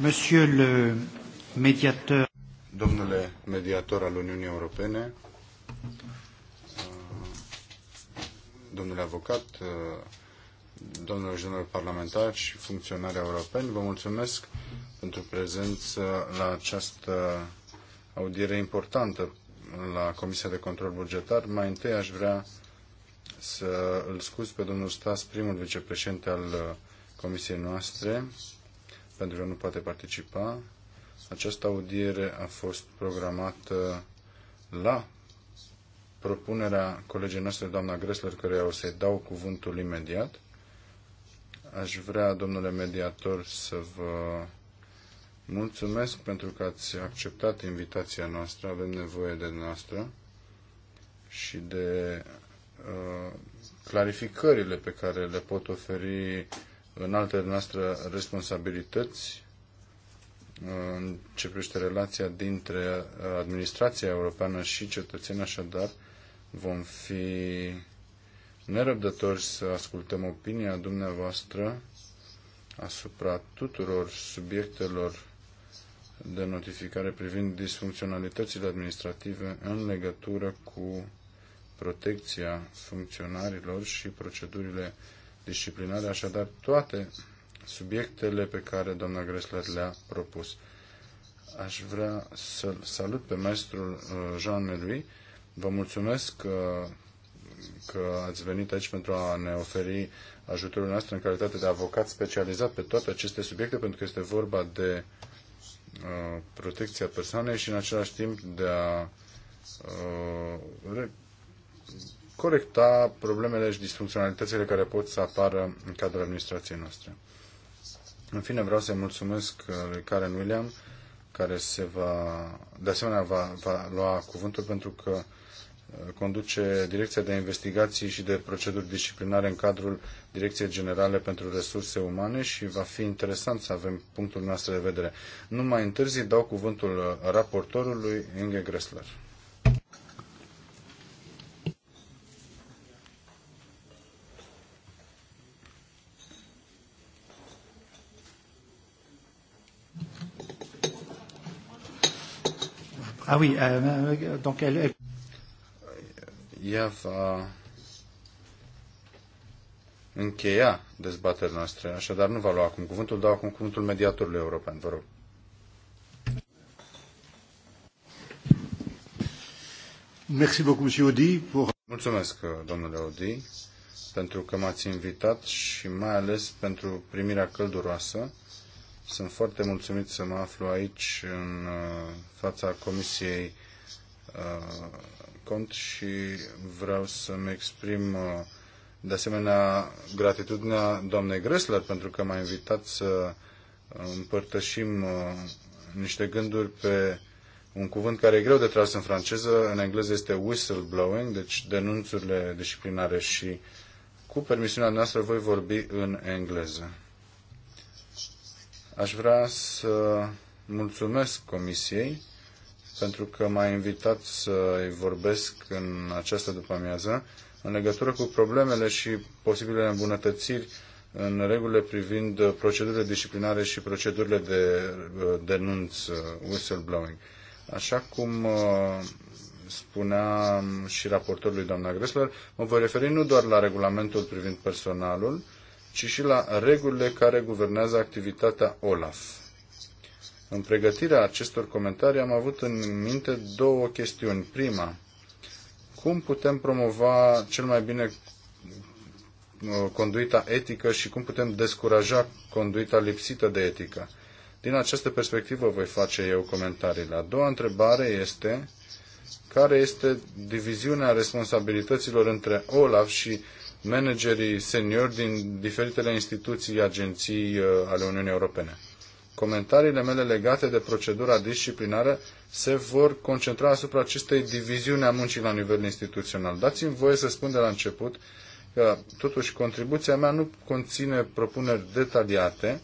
Monsieur le mediator. Domnule mediator al Uniunii Europene, uh, domnule avocat, uh, domnilor și domnilor parlamentari și funcționari europeni, vă mulțumesc pentru prezență la această audiere importantă la Comisia de Control Bugetar. Mai întâi aș vrea să îl scuz pe domnul Stas, primul vicepreședinte al uh, Comisiei noastre, pentru că nu poate participa. Această audiere a fost programată la propunerea colegii noastre, doamna Gressler, care o să-i dau cuvântul imediat. Aș vrea, domnule mediator, să vă mulțumesc pentru că ați acceptat invitația noastră, avem nevoie de noastră și de uh, clarificările pe care le pot oferi în alte noastre responsabilități uh, în ce privește relația dintre administrația europeană și cetățeni, așadar vom fi nerăbdători să ascultăm opinia dumneavoastră asupra tuturor subiectelor de notificare privind disfuncționalitățile administrative în legătură cu protecția funcționarilor și procedurile disciplinare, așadar toate subiectele pe care doamna Gresler le-a propus. Aș vrea să salut pe maestrul uh, Jean Melui. Vă mulțumesc că, că ați venit aici pentru a ne oferi ajutorul nostru în calitate de avocat specializat pe toate aceste subiecte, pentru că este vorba de uh, protecția persoanei și în același timp de a uh, corecta problemele și disfuncționalitățile care pot să apară în cadrul administrației noastre. În fine, vreau să-i mulțumesc uh, lui Karen William, care se va, de asemenea va, va lua cuvântul pentru că uh, conduce Direcția de Investigații și de Proceduri Disciplinare în cadrul Direcției Generale pentru Resurse Umane și va fi interesant să avem punctul nostru de vedere. Nu mai întârzi, dau cuvântul uh, raportorului Inge Gressler. Ah oui, euh, euh, donc elle, elle... Ea va încheia dezbaterea noastră, așadar nu va lua acum cuvântul, dau acum cuvântul mediatorului european, vă rog. Merci beaucoup, monsieur Audi, pour... Mulțumesc, domnule Audi, pentru că m-ați invitat și mai ales pentru primirea călduroasă sunt foarte mulțumit să mă aflu aici în uh, fața Comisiei uh, Cont și vreau să-mi exprim uh, de asemenea gratitudinea doamnei Gresler pentru că m-a invitat să împărtășim niște gânduri pe un cuvânt care e greu de tras în franceză, în engleză este whistleblowing, deci denunțurile disciplinare și cu permisiunea noastră voi vorbi în engleză. Aș vrea să mulțumesc Comisiei pentru că m-a invitat să-i vorbesc în această după-amiază în legătură cu problemele și posibilele îmbunătățiri în regulile privind procedurile disciplinare și procedurile de denunț, uh, whistleblowing. Așa cum uh, spunea și raportorului doamna Gressler, mă voi referi nu doar la regulamentul privind personalul, ci și la regulile care guvernează activitatea OLAF. În pregătirea acestor comentarii am avut în minte două chestiuni. Prima, cum putem promova cel mai bine uh, conduita etică și cum putem descuraja conduita lipsită de etică. Din această perspectivă voi face eu comentariile. A doua întrebare este care este diviziunea responsabilităților între OLAF și managerii seniori din diferitele instituții, agenții uh, ale Uniunii Europene. Comentariile mele legate de procedura disciplinară se vor concentra asupra acestei diviziuni a muncii la nivel instituțional. Dați-mi voie să spun de la început că, totuși, contribuția mea nu conține propuneri detaliate.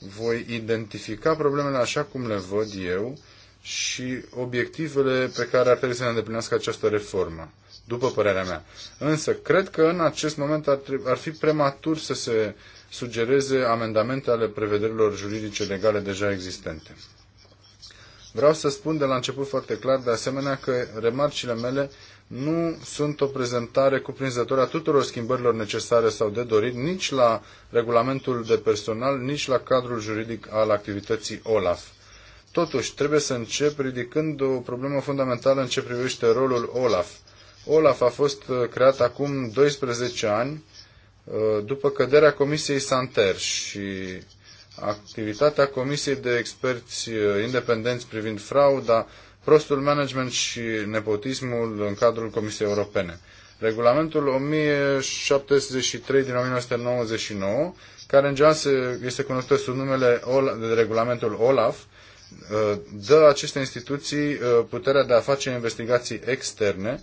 Voi identifica problemele așa cum le văd eu și obiectivele pe care ar trebui să le îndeplinească această reformă după părerea mea. Însă, cred că în acest moment ar, ar fi prematur să se sugereze amendamente ale prevederilor juridice legale deja existente. Vreau să spun de la început foarte clar, de asemenea, că remarcile mele nu sunt o prezentare cuprinzătoare a tuturor schimbărilor necesare sau de dorit, nici la regulamentul de personal, nici la cadrul juridic al activității OLAF. Totuși, trebuie să încep ridicând o problemă fundamentală în ce privește rolul OLAF – Olaf a fost uh, creat acum 12 ani uh, după căderea Comisiei Santer și activitatea Comisiei de Experți uh, Independenți privind frauda, prostul management și nepotismul în cadrul Comisiei Europene. Regulamentul 1073 din 1999, care în general este cunoscut sub numele de regulamentul OLAF, dă aceste instituții puterea de a face investigații externe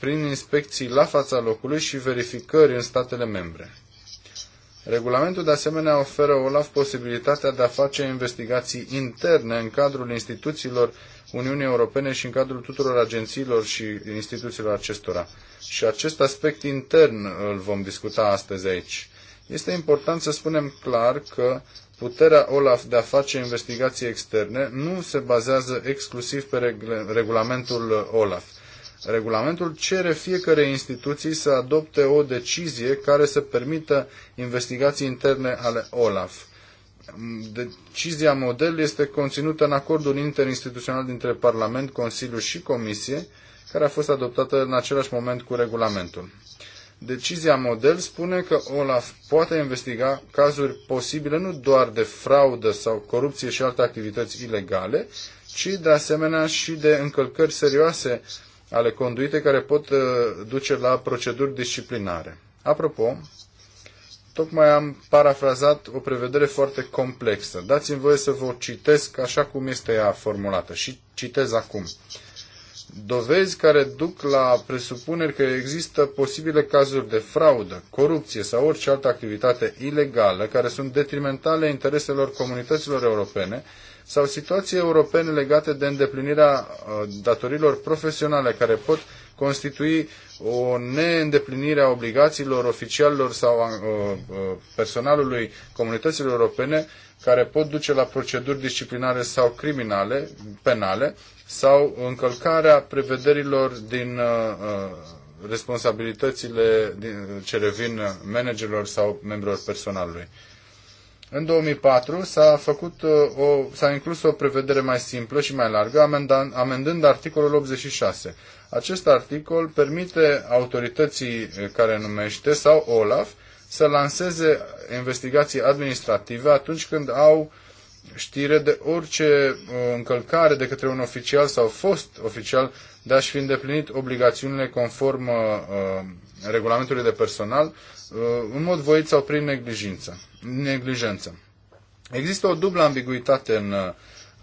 prin inspecții la fața locului și verificări în statele membre. Regulamentul de asemenea oferă OLAF posibilitatea de a face investigații interne în cadrul instituțiilor Uniunii Europene și în cadrul tuturor agențiilor și instituțiilor acestora. Și acest aspect intern îl vom discuta astăzi aici. Este important să spunem clar că puterea OLAF de a face investigații externe nu se bazează exclusiv pe regulamentul OLAF. Regulamentul cere fiecare instituții să adopte o decizie care să permită investigații interne ale OLAF. Decizia model este conținută în acordul interinstituțional dintre Parlament, Consiliu și Comisie, care a fost adoptată în același moment cu regulamentul. Decizia model spune că OLAF poate investiga cazuri posibile nu doar de fraudă sau corupție și alte activități ilegale, ci de asemenea și de încălcări serioase ale conduitei care pot uh, duce la proceduri disciplinare. Apropo, tocmai am parafrazat o prevedere foarte complexă. Dați-mi voie să vă citesc așa cum este ea formulată și citez acum. Dovezi care duc la presupuneri că există posibile cazuri de fraudă, corupție sau orice altă activitate ilegală care sunt detrimentale intereselor comunităților europene sau situații europene legate de îndeplinirea uh, datorilor profesionale care pot constitui o neîndeplinire a obligațiilor oficialilor sau a uh, uh, personalului comunităților europene care pot duce la proceduri disciplinare sau criminale, penale, sau încălcarea prevederilor din responsabilitățile ce revin managerilor sau membrilor personalului. În 2004 s-a, făcut uh, o, s-a inclus o prevedere mai simplă și mai largă, amendând, amendând articolul 86. Acest articol permite autorității uh, care numește sau OLAF să lanseze investigații administrative atunci când au știre de orice uh, încălcare de către un oficial sau fost oficial de a-și fi îndeplinit obligațiunile conform uh, regulamentului de personal Uh, în mod voit sau prin neglijență. neglijență. Există o dublă ambiguitate în uh,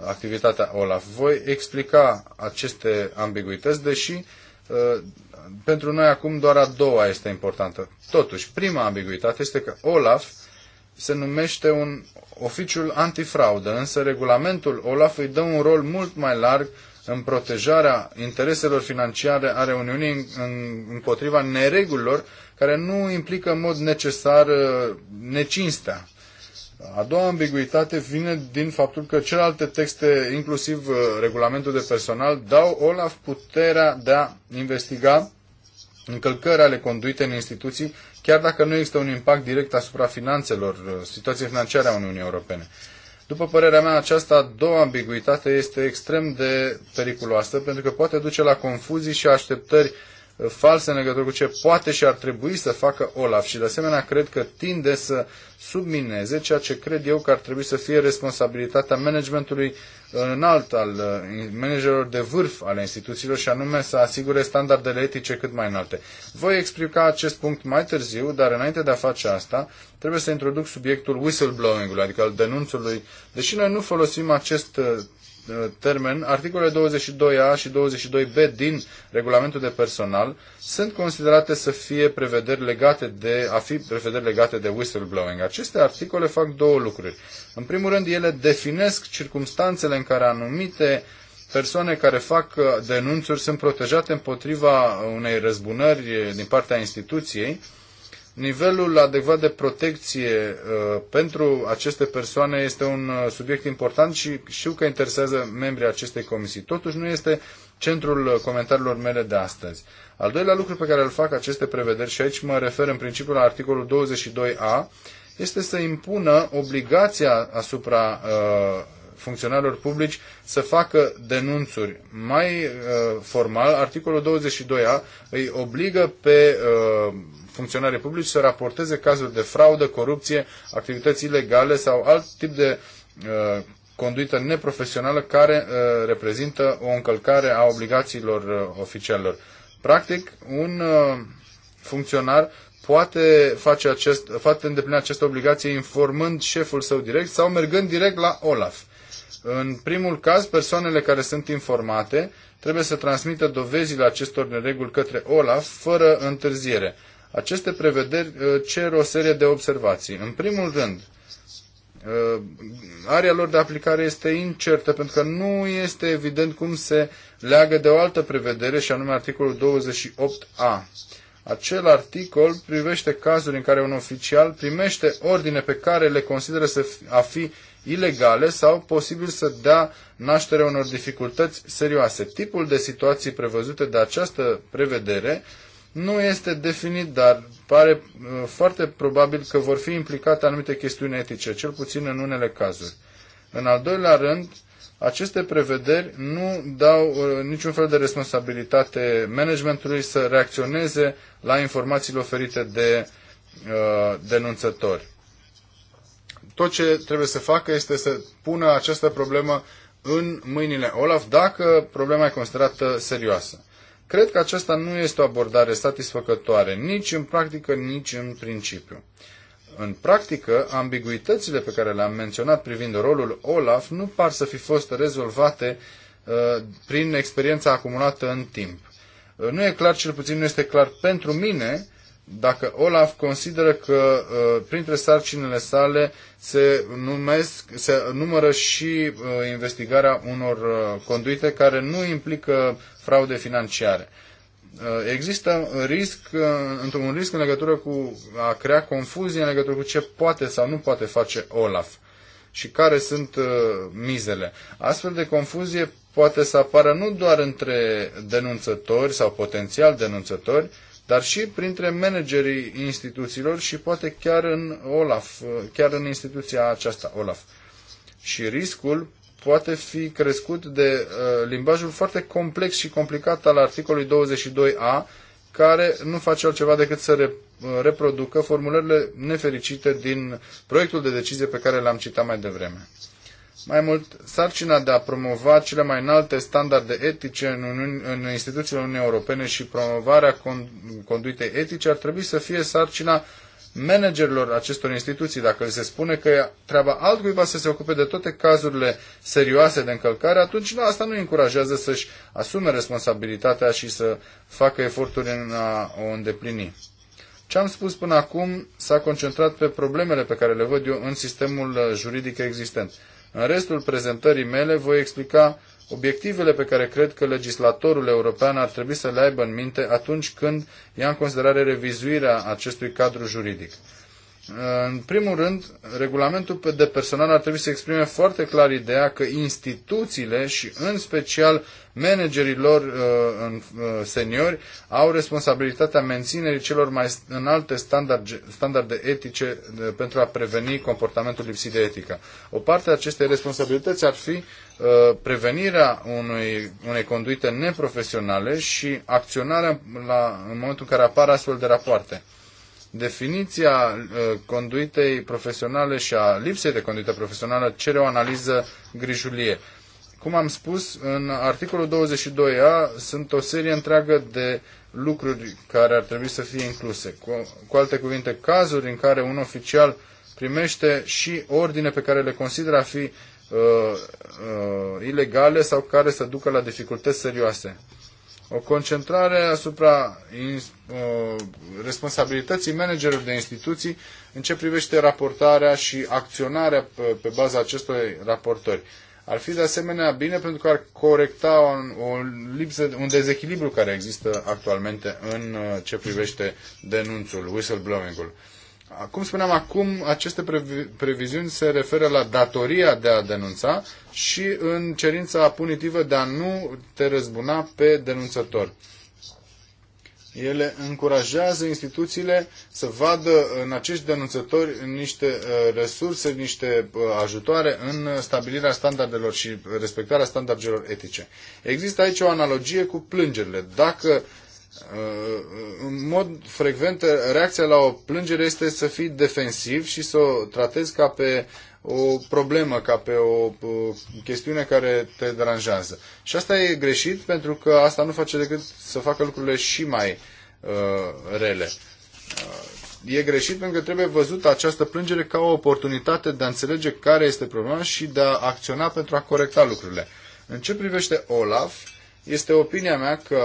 activitatea OLAF. Voi explica aceste ambiguități, deși uh, pentru noi acum doar a doua este importantă. Totuși, prima ambiguitate este că OLAF se numește un oficiul antifraudă, însă regulamentul OLAF îi dă un rol mult mai larg în protejarea intereselor financiare ale Uniunii împotriva neregulilor care nu implică în mod necesar uh, necinstea. A doua ambiguitate vine din faptul că celelalte texte, inclusiv uh, regulamentul de personal, dau Olaf puterea de a investiga încălcări ale conduite în instituții, chiar dacă nu există un impact direct asupra finanțelor, uh, situației financiare a Uniunii Europene. După părerea mea, această a doua ambiguitate este extrem de periculoasă, pentru că poate duce la confuzii și așteptări false în legătură cu ce poate și ar trebui să facă Olaf și de asemenea cred că tinde să submineze ceea ce cred eu că ar trebui să fie responsabilitatea managementului înalt al uh, managerilor de vârf ale instituțiilor și anume să asigure standardele etice cât mai înalte. Voi explica acest punct mai târziu, dar înainte de a face asta, trebuie să introduc subiectul whistleblowing-ului, adică al denunțului. Deși noi nu folosim acest uh, Uh, termen, articolele 22a și 22b din regulamentul de personal sunt considerate să fie prevederi legate de, a fi prevederi legate de whistleblowing. Aceste articole fac două lucruri. În primul rând, ele definesc circumstanțele în care anumite persoane care fac uh, denunțuri sunt protejate împotriva unei răzbunări din partea instituției, Nivelul adecvat de protecție uh, pentru aceste persoane este un uh, subiect important și știu că interesează membrii acestei comisii. Totuși nu este centrul uh, comentariilor mele de astăzi. Al doilea lucru pe care îl fac aceste prevederi, și aici mă refer în principiu la articolul 22a, este să impună obligația asupra uh, funcționarilor publici să facă denunțuri. Mai uh, formal, articolul 22a îi obligă pe uh, funcționarii publici să raporteze cazuri de fraudă, corupție, activități ilegale sau alt tip de uh, conduită neprofesională care uh, reprezintă o încălcare a obligațiilor uh, oficialilor. Practic, un uh, funcționar poate, face acest, poate îndeplini această obligație informând șeful său direct sau mergând direct la OLAF. În primul caz, persoanele care sunt informate trebuie să transmită dovezile acestor nereguli către OLAF fără întârziere. Aceste prevederi uh, cer o serie de observații. În primul rând, uh, area lor de aplicare este incertă pentru că nu este evident cum se leagă de o altă prevedere și anume articolul 28a. Acel articol privește cazuri în care un oficial primește ordine pe care le consideră să a fi ilegale sau posibil să dea naștere unor dificultăți serioase. Tipul de situații prevăzute de această prevedere nu este definit, dar pare uh, foarte probabil că vor fi implicate anumite chestiuni etice, cel puțin în unele cazuri. În al doilea rând, aceste prevederi nu dau uh, niciun fel de responsabilitate managementului să reacționeze la informațiile oferite de uh, denunțători. Tot ce trebuie să facă este să pună această problemă în mâinile Olaf dacă problema e considerată serioasă. Cred că aceasta nu este o abordare satisfăcătoare, nici în practică, nici în principiu. În practică, ambiguitățile pe care le-am menționat privind rolul Olaf nu par să fi fost rezolvate uh, prin experiența acumulată în timp. Uh, nu e clar, cel puțin nu este clar pentru mine, dacă Olaf consideră că uh, printre sarcinile sale se, numesc, se numără și uh, investigarea unor uh, conduite care nu implică fraude financiare. Există risc, un risc în legătură cu a crea confuzie în legătură cu ce poate sau nu poate face Olaf și care sunt mizele. Astfel de confuzie poate să apară nu doar între denunțători sau potențial denunțători, dar și printre managerii instituțiilor și poate chiar în OLAF, chiar în instituția aceasta OLAF. Și riscul poate fi crescut de uh, limbajul foarte complex și complicat al articolului 22a, care nu face altceva decât să re, uh, reproducă formulările nefericite din proiectul de decizie pe care l-am citat mai devreme. Mai mult, sarcina de a promova cele mai înalte standarde etice în, Uniuni, în instituțiile Uniunii Europene și promovarea con, conduitei etice ar trebui să fie sarcina managerilor acestor instituții, dacă li se spune că e treaba altcuiva să se ocupe de toate cazurile serioase de încălcare, atunci nu, asta nu îi încurajează să-și asume responsabilitatea și să facă eforturi în a o îndeplini. Ce am spus până acum s-a concentrat pe problemele pe care le văd eu în sistemul juridic existent. În restul prezentării mele voi explica obiectivele pe care cred că legislatorul european ar trebui să le aibă în minte atunci când ia în considerare revizuirea acestui cadru juridic. În primul rând, regulamentul de personal ar trebui să exprime foarte clar ideea că instituțiile și în special managerii lor uh, uh, seniori au responsabilitatea menținerii celor mai înalte standarde, standarde etice uh, pentru a preveni comportamentul lipsit de etică. O parte a acestei responsabilități ar fi prevenirea unui, unei conduite neprofesionale și acționarea la, în momentul în care apar astfel de rapoarte definiția uh, conduitei profesionale și a lipsei de conduită profesională cere o analiză grijulie. Cum am spus, în articolul 22a sunt o serie întreagă de lucruri care ar trebui să fie incluse. Cu, cu alte cuvinte, cazuri în care un oficial primește și ordine pe care le consideră a fi uh, uh, ilegale sau care să ducă la dificultăți serioase o concentrare asupra responsabilității managerilor de instituții în ce privește raportarea și acționarea pe, baza acestor raportări. Ar fi de asemenea bine pentru că ar corecta un, o lipsă, un dezechilibru care există actualmente în uh, ce privește denunțul, whistleblowing-ul. Cum spuneam acum, aceste previ- previziuni se referă la datoria de a denunța și în cerința punitivă de a nu te răzbuna pe denunțător. Ele încurajează instituțiile să vadă în acești denunțători niște uh, resurse, niște uh, ajutoare în stabilirea standardelor și respectarea standardelor etice. Există aici o analogie cu plângerile. Dacă Uh, în mod frecvent, reacția la o plângere este să fii defensiv și să o tratezi ca pe o problemă, ca pe o uh, chestiune care te deranjează. Și asta e greșit pentru că asta nu face decât să facă lucrurile și mai uh, rele. Uh, e greșit pentru că trebuie văzută această plângere ca o oportunitate de a înțelege care este problema și de a acționa pentru a corecta lucrurile. În ce privește Olaf, este opinia mea că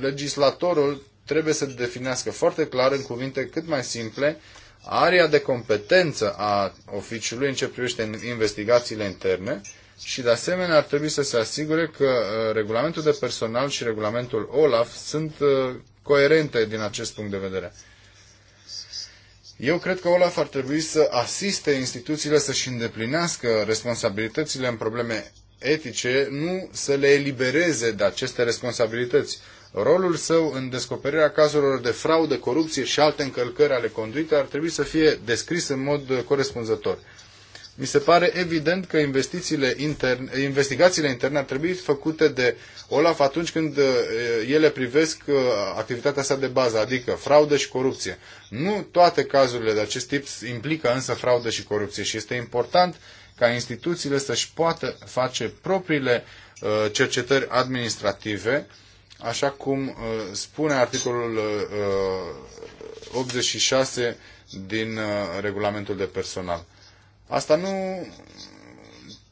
legislatorul trebuie să definească foarte clar, în cuvinte cât mai simple, aria de competență a oficiului în ce privește investigațiile interne și, de asemenea, ar trebui să se asigure că uh, regulamentul de personal și regulamentul OLAF sunt uh, coerente din acest punct de vedere. Eu cred că OLAF ar trebui să asiste instituțiile să-și îndeplinească responsabilitățile în probleme etice, nu să le elibereze de aceste responsabilități rolul său în descoperirea cazurilor de fraudă, corupție și alte încălcări ale conduitei ar trebui să fie descris în mod corespunzător. Mi se pare evident că investițiile interne, investigațiile interne ar trebui făcute de OLAF atunci când uh, ele privesc uh, activitatea sa de bază, adică fraudă și corupție. Nu toate cazurile de acest tip implică însă fraudă și corupție și este important ca instituțiile să-și poată face propriile uh, cercetări administrative așa cum uh, spune articolul 86 uh, uh, din regulamentul de personal. Asta nu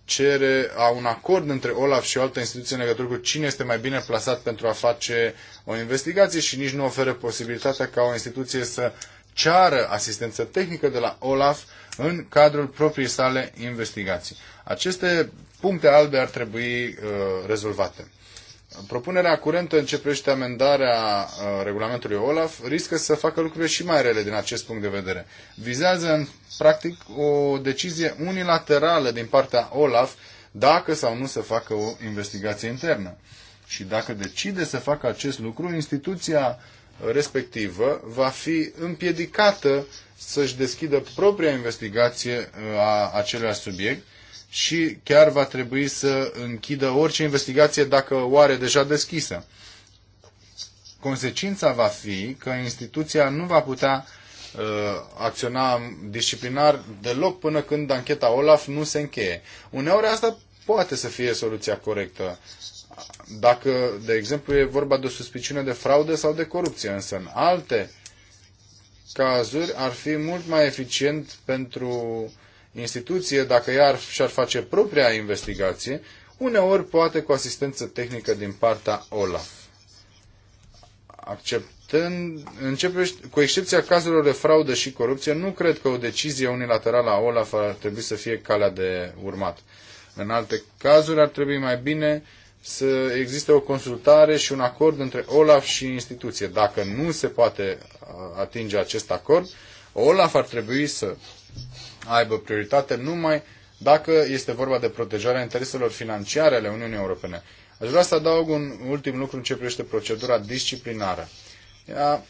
cere a un acord între Olaf și o altă instituție în legătură cu cine este mai bine plasat pentru a face o investigație și nici nu oferă posibilitatea ca o instituție să ceară asistență tehnică de la Olaf în cadrul propriei sale investigații. Aceste puncte albe ar trebui uh, rezolvate. Propunerea curentă în ce privește amendarea uh, regulamentului OLAF riscă să facă lucrurile și mai rele din acest punct de vedere. Vizează în practic o decizie unilaterală din partea OLAF dacă sau nu să facă o investigație internă. Și dacă decide să facă acest lucru, instituția uh, respectivă va fi împiedicată să-și deschidă propria investigație uh, a acelui subiect și chiar va trebui să închidă orice investigație dacă o are deja deschisă. Consecința va fi că instituția nu va putea uh, acționa disciplinar deloc până când ancheta OLAF nu se încheie. Uneori asta poate să fie soluția corectă. Dacă, de exemplu, e vorba de o suspiciune de fraudă sau de corupție, însă în alte cazuri ar fi mult mai eficient pentru instituție, dacă ea și-ar face propria investigație, uneori poate cu asistență tehnică din partea OLAF. Acceptând, începe, cu excepția cazurilor de fraudă și corupție, nu cred că o decizie unilaterală a OLAF ar trebui să fie calea de urmat. În alte cazuri ar trebui mai bine să existe o consultare și un acord între OLAF și instituție. Dacă nu se poate uh, atinge acest acord, OLAF ar trebui să aibă prioritate numai dacă este vorba de protejarea intereselor financiare ale Uniunii Europene. Aș vrea să adaug un ultim lucru în ce privește procedura disciplinară. Ea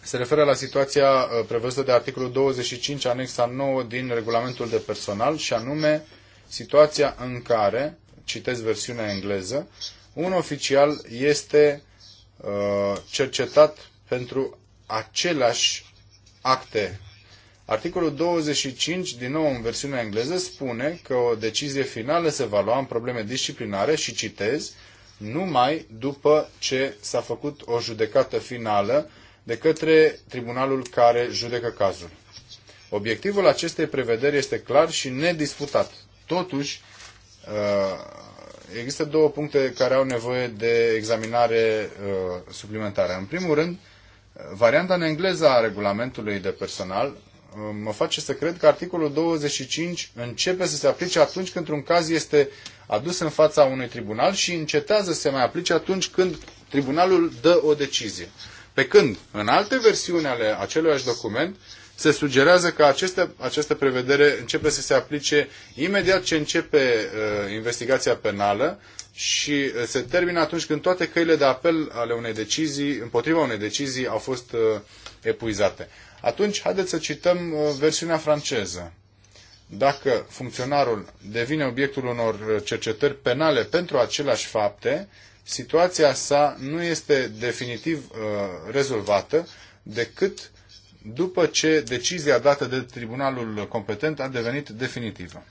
se referă la situația uh, prevăzută de articolul 25, anexa 9 din regulamentul de personal, și anume situația în care, citesc versiunea engleză, un oficial este uh, cercetat pentru aceleași acte Articolul 25, din nou în versiunea engleză, spune că o decizie finală se va lua în probleme disciplinare și citez numai după ce s-a făcut o judecată finală de către tribunalul care judecă cazul. Obiectivul acestei prevederi este clar și nedisputat. Totuși, uh, există două puncte care au nevoie de examinare uh, suplimentară. În primul rând, uh, varianta în engleză a regulamentului de personal mă face să cred că articolul 25 începe să se aplice atunci când un caz este adus în fața unui tribunal și încetează să se mai aplice atunci când tribunalul dă o decizie. Pe când, în alte versiuni ale acelui document, se sugerează că aceste, această prevedere începe să se aplice imediat ce începe uh, investigația penală și uh, se termină atunci când toate căile de apel ale unei decizii, împotriva unei decizii, au fost uh, epuizate. Atunci, haideți să cităm uh, versiunea franceză. Dacă funcționarul devine obiectul unor cercetări penale pentru aceleași fapte, situația sa nu este definitiv uh, rezolvată decât după ce decizia dată de tribunalul competent a devenit definitivă.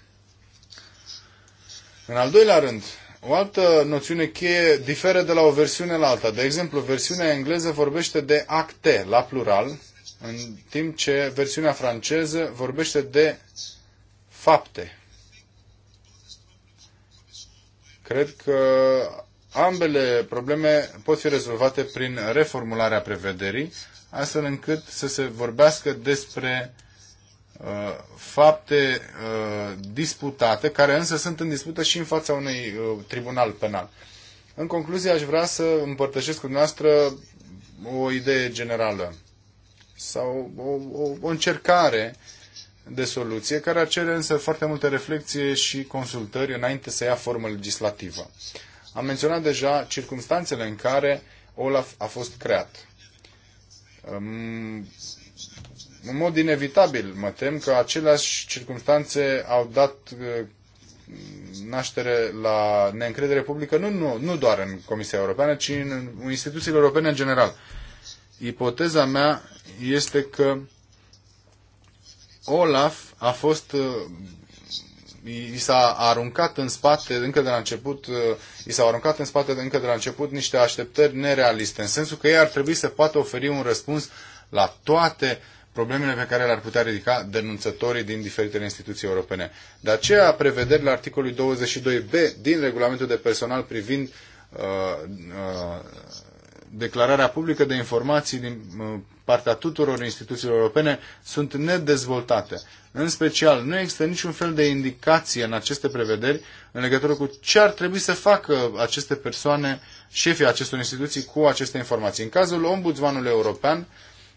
În al doilea rând, o altă noțiune cheie diferă de la o versiune la alta. De exemplu, versiunea engleză vorbește de acte la plural, în timp ce versiunea franceză vorbește de fapte. Cred că ambele probleme pot fi rezolvate prin reformularea prevederii, astfel încât să se vorbească despre uh, fapte uh, disputate, care însă sunt în dispută și în fața unui uh, tribunal penal. În concluzie, aș vrea să împărtășesc cu dumneavoastră o idee generală sau o, o, o încercare de soluție care ar cere însă foarte multe reflexie și consultări înainte să ia formă legislativă. Am menționat deja circumstanțele în care Olaf a fost creat. În mod inevitabil, mă tem că aceleași circumstanțe au dat uh, naștere la neîncredere publică nu, nu, nu doar în Comisia Europeană, ci în instituțiile europene în general. Ipoteza mea este că Olaf a fost uh, i s-a aruncat în spate încă de la început, uh, i s-au aruncat în spate încă de la început niște așteptări nerealiste, în sensul că ei ar trebui să poată oferi un răspuns la toate problemele pe care le-ar putea ridica denunțătorii din diferitele instituții europene. De aceea, prevederile articolului 22b din regulamentul de personal privind uh, uh, declararea publică de informații din uh, partea tuturor instituțiilor europene sunt nedezvoltate. În special, nu există niciun fel de indicație în aceste prevederi în legătură cu ce ar trebui să facă aceste persoane, șefii acestor instituții, cu aceste informații. În cazul Ombudsmanului European,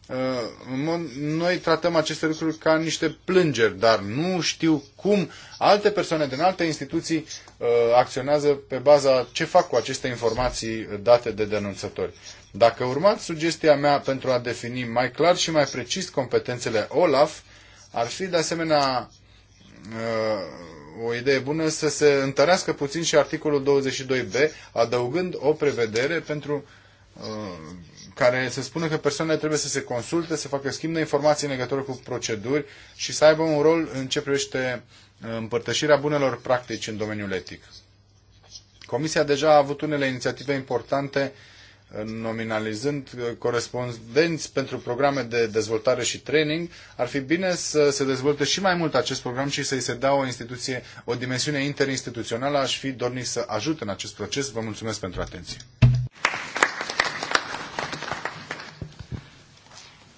Uh, noi tratăm aceste lucruri ca niște plângeri, dar nu știu cum alte persoane din alte instituții uh, acționează pe baza ce fac cu aceste informații date de denunțători. Dacă urmați sugestia mea pentru a defini mai clar și mai precis competențele OLAF, ar fi de asemenea uh, o idee bună să se întărească puțin și articolul 22b, adăugând o prevedere pentru care se spune că persoanele trebuie să se consulte, să facă schimb de informații în legătură cu proceduri și să aibă un rol în ce privește uh, împărtășirea bunelor practici în domeniul etic. Comisia deja a avut unele inițiative importante uh, nominalizând uh, corespondenți pentru programe de dezvoltare și training, ar fi bine să se dezvolte și mai mult acest program și să-i se dea o instituție, o dimensiune interinstituțională. Aș fi dornic să ajut în acest proces. Vă mulțumesc pentru atenție.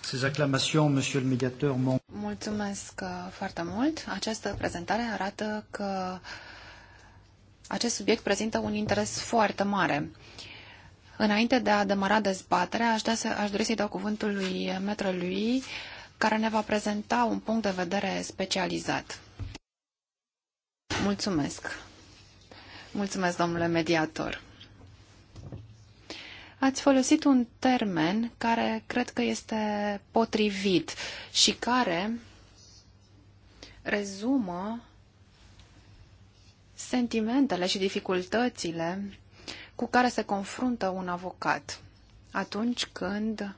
Ces acclamations, monsieur le médiateur, Mulțumesc uh, foarte mult. Această prezentare arată că acest subiect prezintă un interes foarte mare. Înainte de a demara dezbaterea, aș, da să, aș dori să-i dau cuvântul lui lui, care ne va prezenta un punct de vedere specializat. Mulțumesc. Mulțumesc, domnule mediator. Ați folosit un termen care cred că este potrivit și care rezumă sentimentele și dificultățile cu care se confruntă un avocat atunci când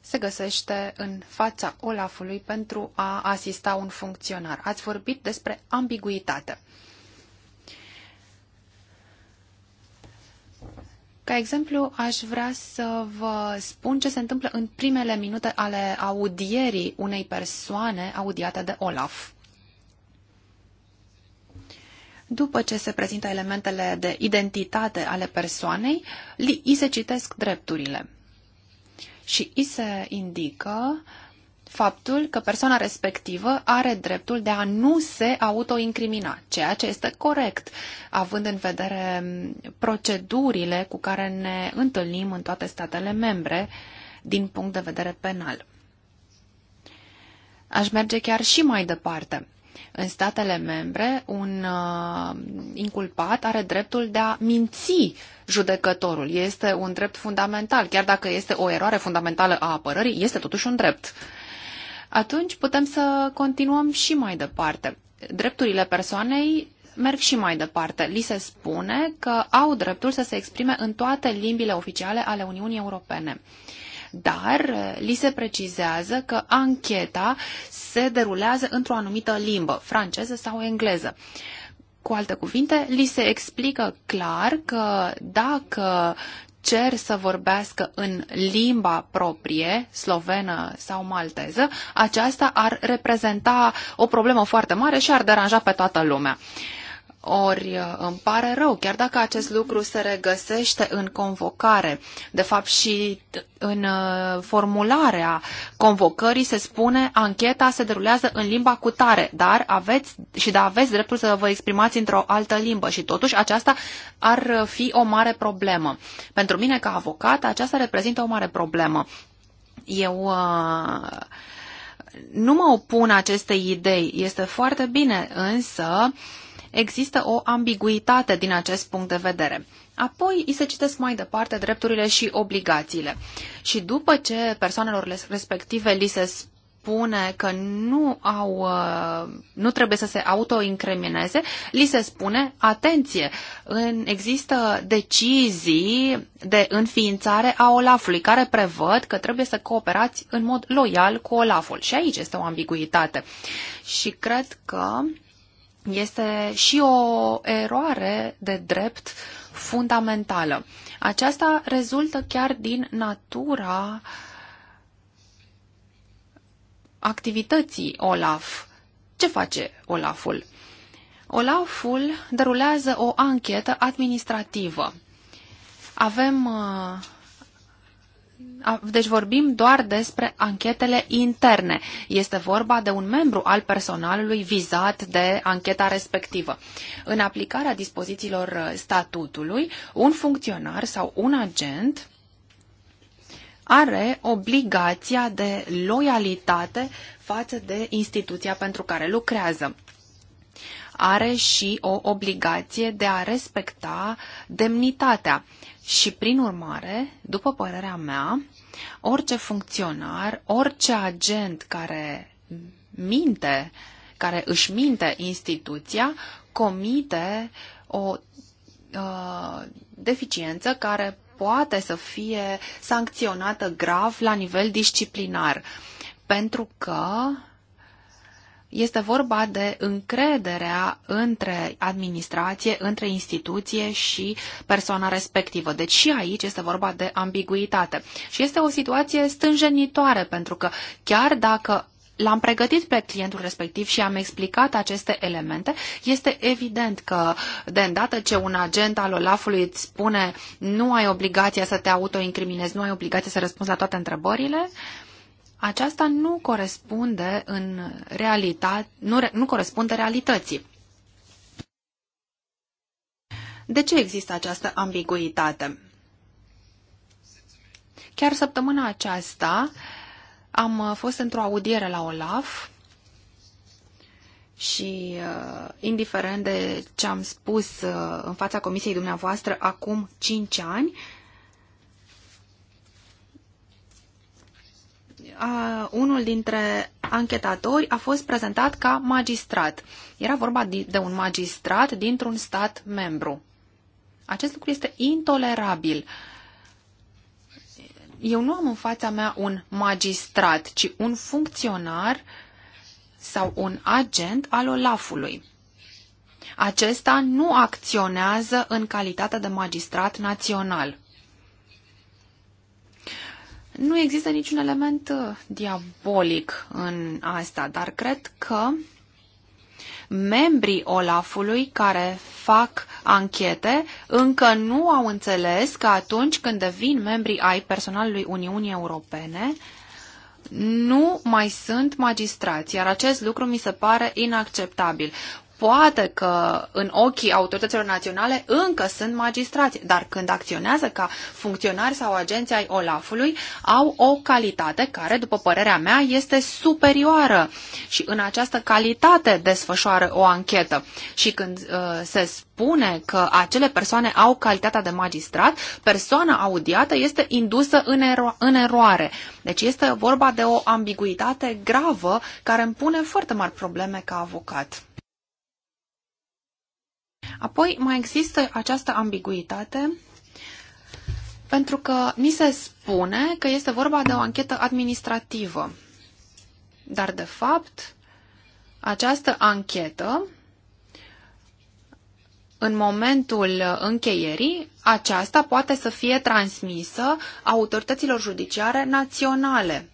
se găsește în fața Olafului pentru a asista un funcționar. Ați vorbit despre ambiguitate. Ca exemplu, aș vrea să vă spun ce se întâmplă în primele minute ale audierii unei persoane audiate de Olaf. După ce se prezintă elementele de identitate ale persoanei, li, îi se citesc drepturile și îi se indică uh, faptul că persoana respectivă are dreptul de a nu se autoincrimina, ceea ce este corect, având în vedere procedurile cu care ne întâlnim în toate statele membre din punct de vedere penal. Aș merge chiar și mai departe. În statele membre, un uh, inculpat are dreptul de a minți judecătorul. Este un drept fundamental, chiar dacă este o eroare fundamentală a apărării, este totuși un drept. Uh, atunci putem să continuăm și mai departe. Drepturile persoanei merg și mai departe. Li se spune că au dreptul să se exprime în toate limbile oficiale ale Uniunii Europene. Dar eh, li se precizează că ancheta se derulează într-o anumită limbă, franceză sau engleză. Cu alte cuvinte, li se explică clar că dacă cer să vorbească în limba proprie, slovenă sau malteză, aceasta ar reprezenta o problemă foarte mare și ar deranja pe toată lumea. Uh, ori uh, îmi pare rău, chiar dacă acest lucru se regăsește în convocare, de fapt și în uh, formularea convocării se spune ancheta se derulează în limba cutare, dar aveți și da aveți dreptul să vă exprimați într-o altă limbă și totuși aceasta ar uh, fi o mare problemă. Pentru mine ca avocat aceasta reprezintă o mare problemă. Eu uh, nu mă opun acestei idei, este foarte bine, însă uh, există o ambiguitate din acest punct de vedere. Apoi îi se citesc mai departe drepturile și obligațiile. Și după ce persoanelor respective li se spune că nu, au, uh, nu trebuie să se autoincrimineze, li se spune, atenție, în, există decizii de înființare a Olafului care prevăd că trebuie să cooperați în mod loial cu Olaful. Și aici este o ambiguitate. Și cred că este și o eroare de drept fundamentală. Aceasta rezultă chiar din natura activității OLAF. Ce face OLAF-ul? OLAF-ul derulează o anchetă administrativă. Avem uh, deci vorbim doar despre anchetele interne. Este vorba de un membru al personalului vizat de ancheta respectivă. În aplicarea dispozițiilor statutului, un funcționar sau un agent are obligația de loialitate față de instituția pentru care lucrează. Are și o obligație de a respecta demnitatea și prin urmare, după părerea mea, orice funcționar, orice agent care minte, care își minte instituția, comite o uh, deficiență care poate să fie sancționată grav la nivel disciplinar. Pentru că este vorba de încrederea între administrație, între instituție și persoana respectivă. Deci și aici este vorba de ambiguitate. Și este o situație stânjenitoare, pentru că chiar dacă l-am pregătit pe clientul respectiv și am explicat aceste elemente, este evident că de îndată ce un agent al Olafului îți spune nu ai obligația să te autoincriminezi, nu ai obligația să răspunzi la toate întrebările, aceasta nu corespunde în realitate, nu, nu corespunde realității. De ce există această ambiguitate? Chiar săptămâna aceasta am uh, fost într-o audiere la OLAF și, uh, indiferent de ce am spus uh, în fața comisiei dumneavoastră acum 5 ani, a, unul dintre anchetatori a fost prezentat ca magistrat. Era vorba de un magistrat dintr-un stat membru. Acest lucru este intolerabil. Eu nu am în fața mea un magistrat, ci un funcționar sau un agent al Olafului. Acesta nu acționează în calitate de magistrat național. Nu există niciun element uh, diabolic în asta, dar cred că membrii Olafului care fac anchete încă nu au înțeles că atunci când devin membrii ai personalului Uniunii Europene, nu mai sunt magistrați, iar acest lucru mi se pare inacceptabil. Poate că în ochii autorităților naționale încă sunt magistrați, dar când acționează ca funcționari sau agenții ai Olafului, au o calitate care, după părerea mea, este superioară și în această calitate desfășoară o anchetă. Și când uh, se spune că acele persoane au calitatea de magistrat, persoana audiată este indusă în, ero- în eroare. Deci este vorba de o ambiguitate gravă care îmi pune foarte mari probleme ca avocat. Apoi mai există această ambiguitate pentru că ni se spune că este vorba de o anchetă administrativă. Dar, de fapt, această anchetă, în momentul încheierii, aceasta poate să fie transmisă autorităților judiciare naționale.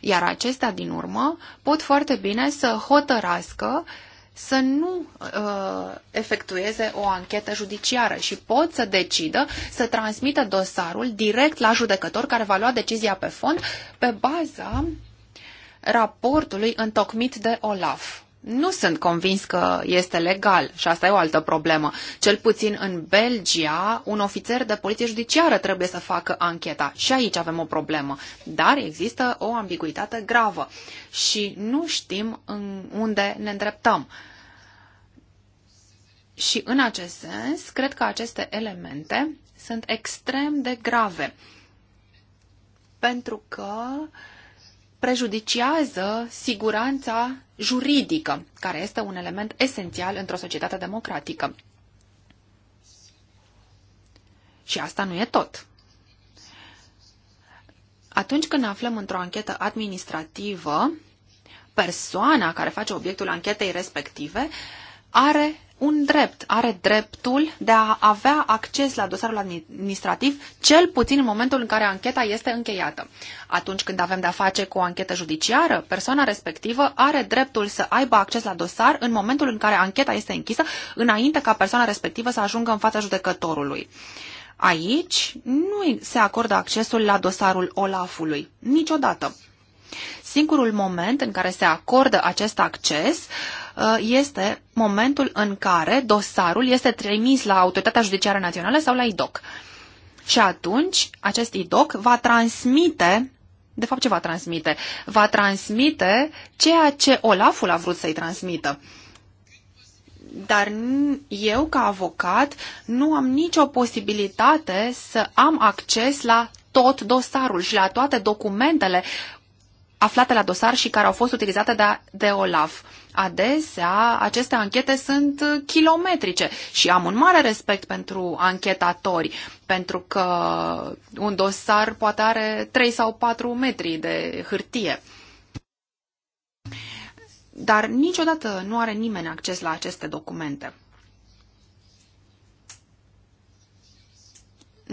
Iar acestea, din urmă, pot foarte bine să hotărască uh, să nu uh, efectueze o anchetă judiciară și pot să decidă să transmită dosarul direct la judecător care va lua decizia pe fond pe baza raportului întocmit de OLAF. Nu sunt convins că este legal și asta e o altă problemă. Cel puțin în Belgia, un ofițer de poliție judiciară trebuie să facă ancheta și aici avem o problemă. Dar există o ambiguitate gravă și nu știm în unde ne îndreptăm. Și în acest sens, cred că aceste elemente sunt extrem de grave, pentru că prejudiciază siguranța juridică, care este un element esențial într-o societate democratică. Și asta nu e tot. Atunci când ne aflăm într-o anchetă administrativă, persoana care face obiectul anchetei respective are un drept, are dreptul de a avea acces la dosarul administrativ, cel puțin în momentul în care ancheta este încheiată. Atunci când avem de-a face cu o anchetă judiciară, persoana respectivă are dreptul să aibă acces la dosar în momentul în care ancheta este închisă, înainte ca persoana respectivă să ajungă în fața judecătorului. Aici nu se acordă accesul la dosarul Olafului, niciodată. Singurul moment în care se acordă acest acces uh, este momentul în care dosarul este trimis la Autoritatea Judiciară Națională sau la IDOC. Și atunci acest IDOC va transmite de fapt, ce va transmite? Va transmite ceea ce Olaful a vrut să-i transmită. Dar eu, ca avocat, nu am nicio posibilitate să am acces la tot dosarul și la toate documentele aflate la dosar și care au fost utilizate de, de OLAF. Adesea, aceste anchete sunt kilometrice și am un mare respect pentru anchetatori, pentru că un dosar poate are 3 sau 4 metri de hârtie. Dar niciodată nu are nimeni acces la aceste documente.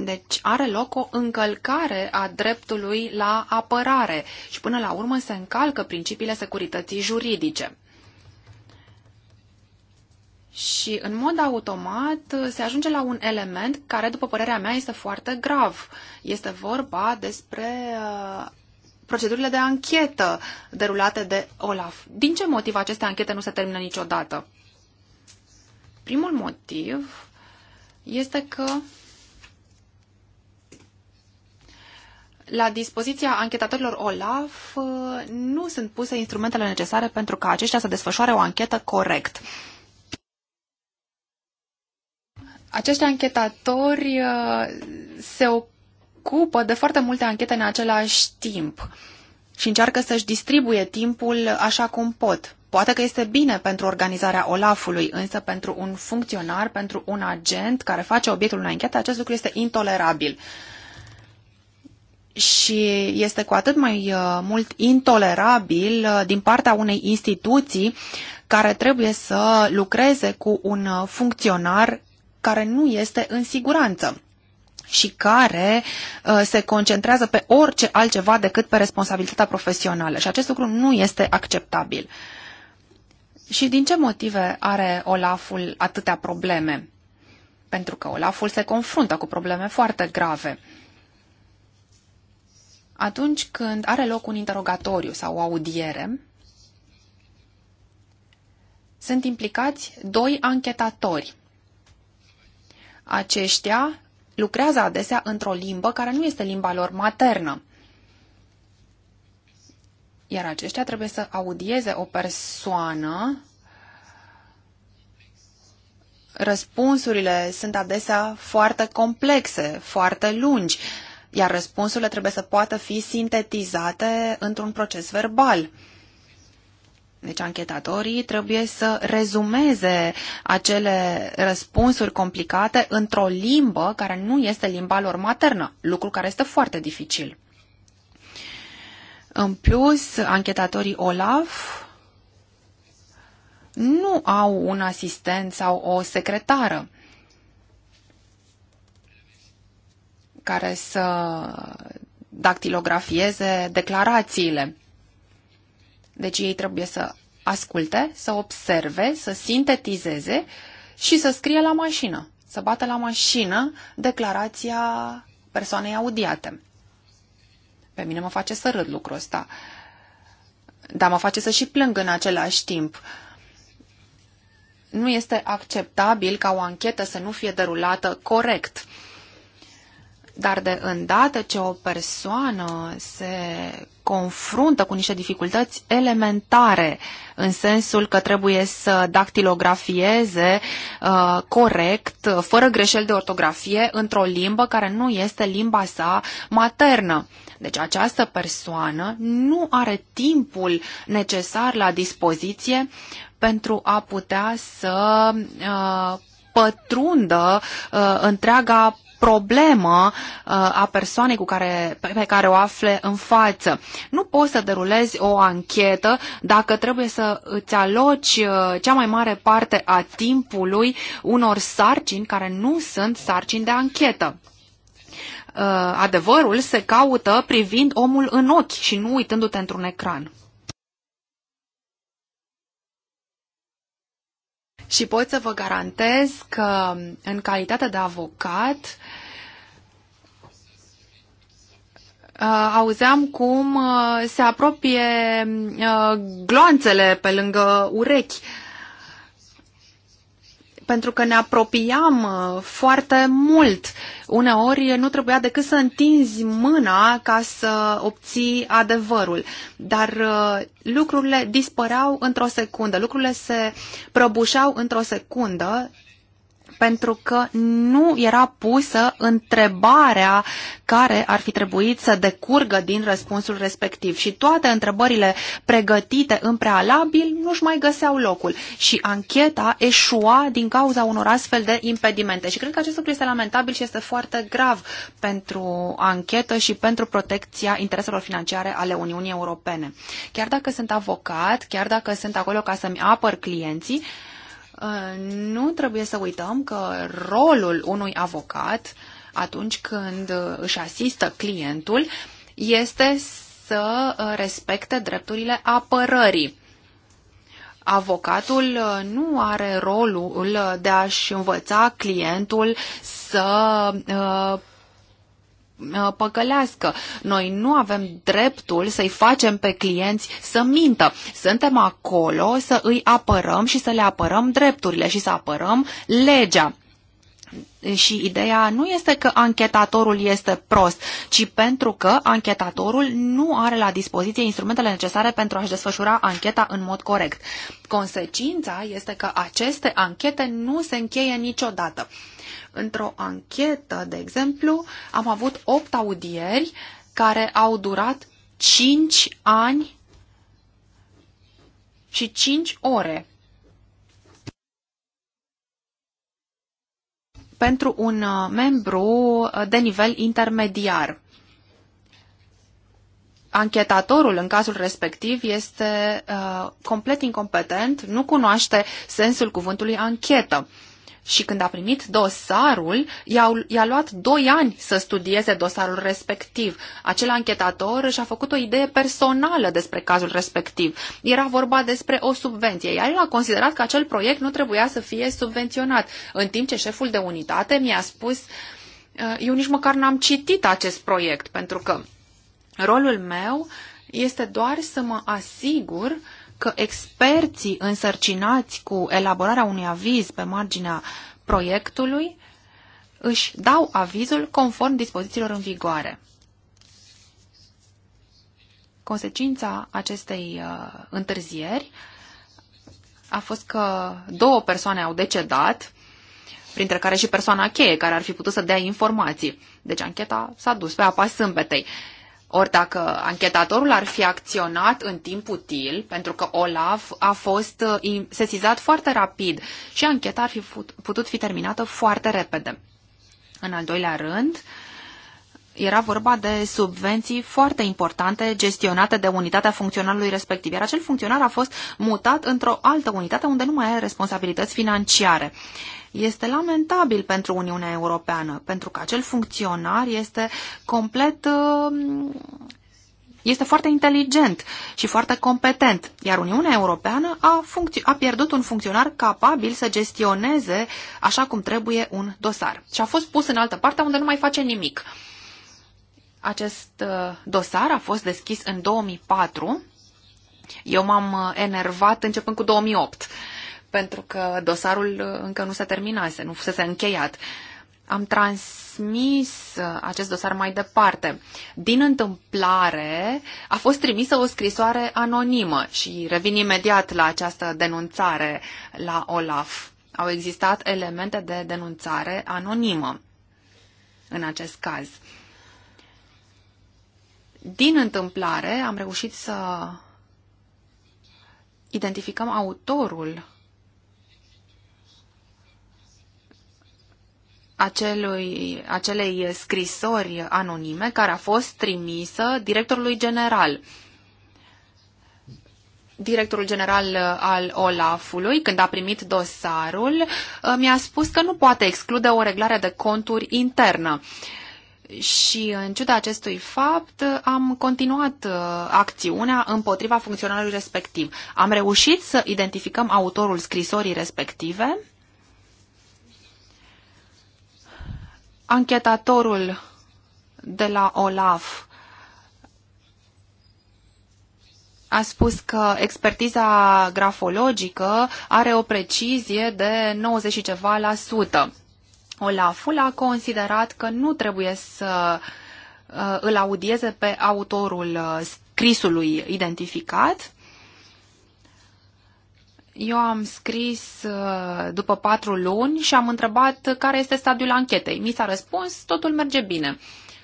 Deci are loc o încălcare a dreptului la apărare și până la urmă se încalcă principiile securității juridice. Și în mod automat se ajunge la un element care, după părerea mea, este foarte grav. Este vorba despre uh, procedurile de anchetă derulate de Olaf. Din ce motiv aceste anchete nu se termină niciodată? Primul motiv este că la dispoziția anchetatorilor OLAF uh, nu sunt puse instrumentele necesare pentru ca aceștia să desfășoare o anchetă corect. Acești anchetatori uh, se ocupă de foarte multe anchete în același timp și încearcă să-și distribuie timpul așa cum pot. Poate că este bine pentru organizarea Olafului, însă pentru un funcționar, pentru un agent care face obiectul unei anchete, acest lucru este intolerabil și este cu atât mai uh, mult intolerabil uh, din partea unei instituții care trebuie să lucreze cu un uh, funcționar care nu este în siguranță și care se concentrează pe orice altceva decât pe responsabilitatea profesională. Și acest lucru nu este acceptabil. Și din ce motive are Olaful atâtea probleme? Pentru că Olaful se confruntă cu probleme foarte grave atunci când are loc un interogatoriu sau o audiere, sunt implicați doi anchetatori. Aceștia lucrează adesea într-o limbă care nu este limba lor maternă. Iar aceștia trebuie să audieze o persoană. Răspunsurile sunt adesea foarte complexe, foarte lungi. Uh, iar răspunsurile trebuie să poată fi sintetizate într-un proces verbal. Deci anchetatorii trebuie să rezumeze acele răspunsuri complicate într-o limbă care nu este limba lor maternă, lucru care este foarte dificil. În plus, anchetatorii OLAF nu au un asistent sau o secretară. care să dactilografieze declarațiile. Deci ei trebuie să asculte, să observe, să sintetizeze și să scrie la mașină, să bată la mașină declarația persoanei audiate. Pe mine mă face să râd lucrul ăsta, dar mă face să și plâng în același timp. Nu este acceptabil ca o anchetă să nu fie derulată corect dar de îndată ce o persoană se confruntă cu niște dificultăți elementare, în sensul că trebuie să dactilografieze uh, corect, fără greșeli de ortografie, într-o limbă care nu este limba sa maternă. Deci această persoană nu are timpul necesar la dispoziție pentru a putea să uh, pătrundă uh, întreaga problemă uh, a persoanei cu care, pe care o afle în față. Nu poți să derulezi o anchetă dacă trebuie să îți aloci uh, cea mai mare parte a timpului unor sarcini care nu sunt sarcini de anchetă uh, adevărul se caută privind omul în ochi și nu uitându-te într-un ecran. și pot să vă garantez că în calitate de avocat uh, auzeam cum uh, se apropie uh, gloanțele pe lângă urechi pentru că ne apropiam uh, foarte mult. Uneori uh, nu trebuia decât să întinzi mâna ca să obții adevărul. Dar uh, lucrurile dispăreau într-o secundă, lucrurile se prăbușeau într-o secundă pentru că nu era pusă întrebarea care ar fi trebuit să decurgă din răspunsul respectiv și toate întrebările pregătite în prealabil nu-și mai găseau locul și ancheta eșua din cauza unor astfel de impedimente și cred că acest lucru este lamentabil și este foarte grav pentru anchetă și pentru protecția intereselor financiare ale Uniunii Europene. Chiar dacă sunt avocat, chiar dacă sunt acolo ca să-mi apăr clienții, Uh, nu trebuie să uităm că rolul unui avocat atunci când uh, își asistă clientul este să uh, respecte drepturile apărării. Avocatul nu are rolul de a-și învăța clientul să Uh, păcălească. Noi nu avem dreptul să-i facem pe clienți să mintă. Suntem acolo să îi apărăm și să le apărăm drepturile și să apărăm legea și ideea nu este că anchetatorul este prost, ci pentru că anchetatorul nu are la dispoziție instrumentele necesare pentru a-și desfășura ancheta în mod corect. Consecința este că aceste anchete nu se încheie niciodată. Într-o anchetă, de exemplu, am avut 8 audieri care au durat 5 ani și 5 ore. pentru un uh, membru uh, de nivel intermediar. Anchetatorul în cazul respectiv este uh, complet incompetent, nu cunoaște sensul cuvântului anchetă și când a primit dosarul, i-a luat doi ani să studieze dosarul respectiv. Acel anchetator și-a făcut o idee personală despre cazul respectiv. Era vorba despre o subvenție, iar el a considerat că acel proiect nu trebuia să fie subvenționat, în timp ce șeful de unitate mi-a spus eh, eu nici măcar n-am citit acest proiect, pentru că rolul meu este doar să mă asigur uh, că experții însărcinați cu elaborarea unui aviz pe marginea proiectului își dau avizul conform dispozițiilor în vigoare. Consecința acestei uh, întârzieri a fost că două persoane au decedat, printre care și persoana cheie care ar fi putut să dea informații. Deci ancheta s-a dus pe apa sâmbetei. Uh, ori dacă anchetatorul ar fi acționat în timp util, pentru că Olaf a fost uh, sesizat foarte rapid și ancheta ar fi putut fi terminată foarte repede. În al doilea rând, era vorba de subvenții foarte importante gestionate de unitatea funcționarului respectiv, iar acel funcționar a fost mutat într-o altă unitate unde nu mai are responsabilități financiare este lamentabil pentru Uniunea Europeană, pentru că acel funcționar este complet uh, este foarte inteligent și foarte competent, iar Uniunea Europeană a, a pierdut un funcționar capabil să gestioneze așa cum trebuie un dosar și a fost pus în altă parte unde nu mai face nimic. Acest uh, dosar a fost deschis în 2004. Eu m-am uh, enervat începând cu 2008 pentru că dosarul uh, încă nu se terminase, nu fusese încheiat. Am transmis uh, acest dosar mai departe. Din întâmplare, a fost trimisă o scrisoare anonimă și revin imediat la această denunțare la OLAF. Au existat elemente de denunțare anonimă în acest caz. Din întâmplare, am reușit să identificăm autorul acelui, acelei scrisori anonime care a fost trimisă directorului general. Directorul general uh, al Olafului, când a primit dosarul, uh, mi-a spus că nu poate exclude o reglare de conturi internă. Și în ciuda acestui fapt uh, am continuat acțiunea împotriva funcționarului respectiv. Am reușit să identificăm autorul scrisorii respective anchetatorul de la OLAF a spus că expertiza grafologică are o precizie de 90 și ceva la sută. Olaful a considerat că nu trebuie să uh, îl audieze pe autorul uh, scrisului identificat, eu am scris uh, după patru luni și am întrebat care este stadiul anchetei. Mi s-a răspuns, totul merge bine.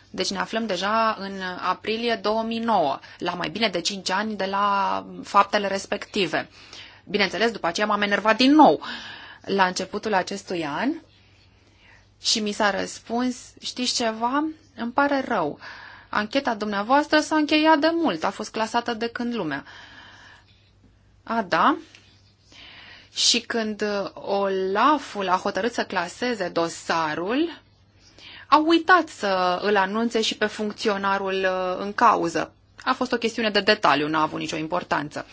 Deci ne aflăm deja în aprilie 2009, la mai bine de 5 ani de la faptele respective. Bineînțeles, după aceea m-am enervat din nou la începutul acestui an și mi s-a răspuns, știți ceva? Îmi pare rău. Ancheta dumneavoastră s-a încheiat de mult, a fost clasată de când lumea. A, da? Și când uh, Olaful a hotărât să claseze dosarul, a uitat să îl anunțe și pe funcționarul uh, în cauză. A fost o chestiune de detaliu, n-a avut nicio importanță.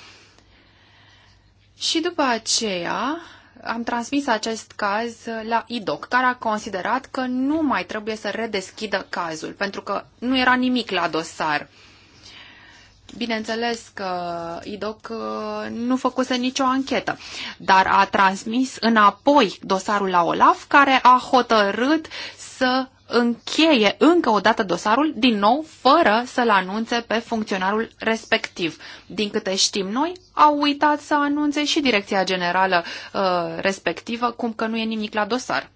Și după aceea am transmis acest caz uh, la IDOC, care a considerat că nu mai trebuie să redeschidă cazul, pentru că nu era nimic la dosar. Bineînțeles că IDOC uh, nu făcuse nicio anchetă, dar a transmis înapoi dosarul la OLAF, care a hotărât să încheie încă o dată dosarul, din nou, fără să-l anunțe pe funcționarul respectiv. Din câte știm noi, au uitat să anunțe și direcția generală uh, respectivă, cum că nu e nimic la dosar.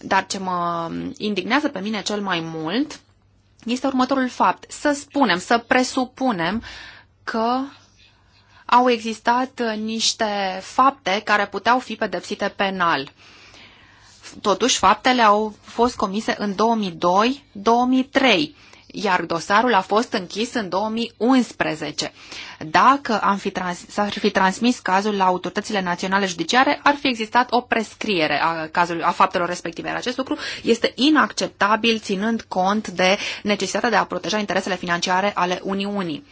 Dar ce mă indignează pe mine cel mai mult este următorul fapt. Să spunem, să presupunem că au existat uh, niște fapte care puteau fi pedepsite penal. Totuși, faptele au fost comise în 2002-2003 iar dosarul a fost închis în 2011. Dacă am fi trans- s-ar fi transmis cazul la autoritățile naționale judiciare, ar fi existat o prescriere a, cazului, a faptelor respective. Iar acest lucru este inacceptabil ținând cont de necesitatea de a proteja interesele financiare ale Uniunii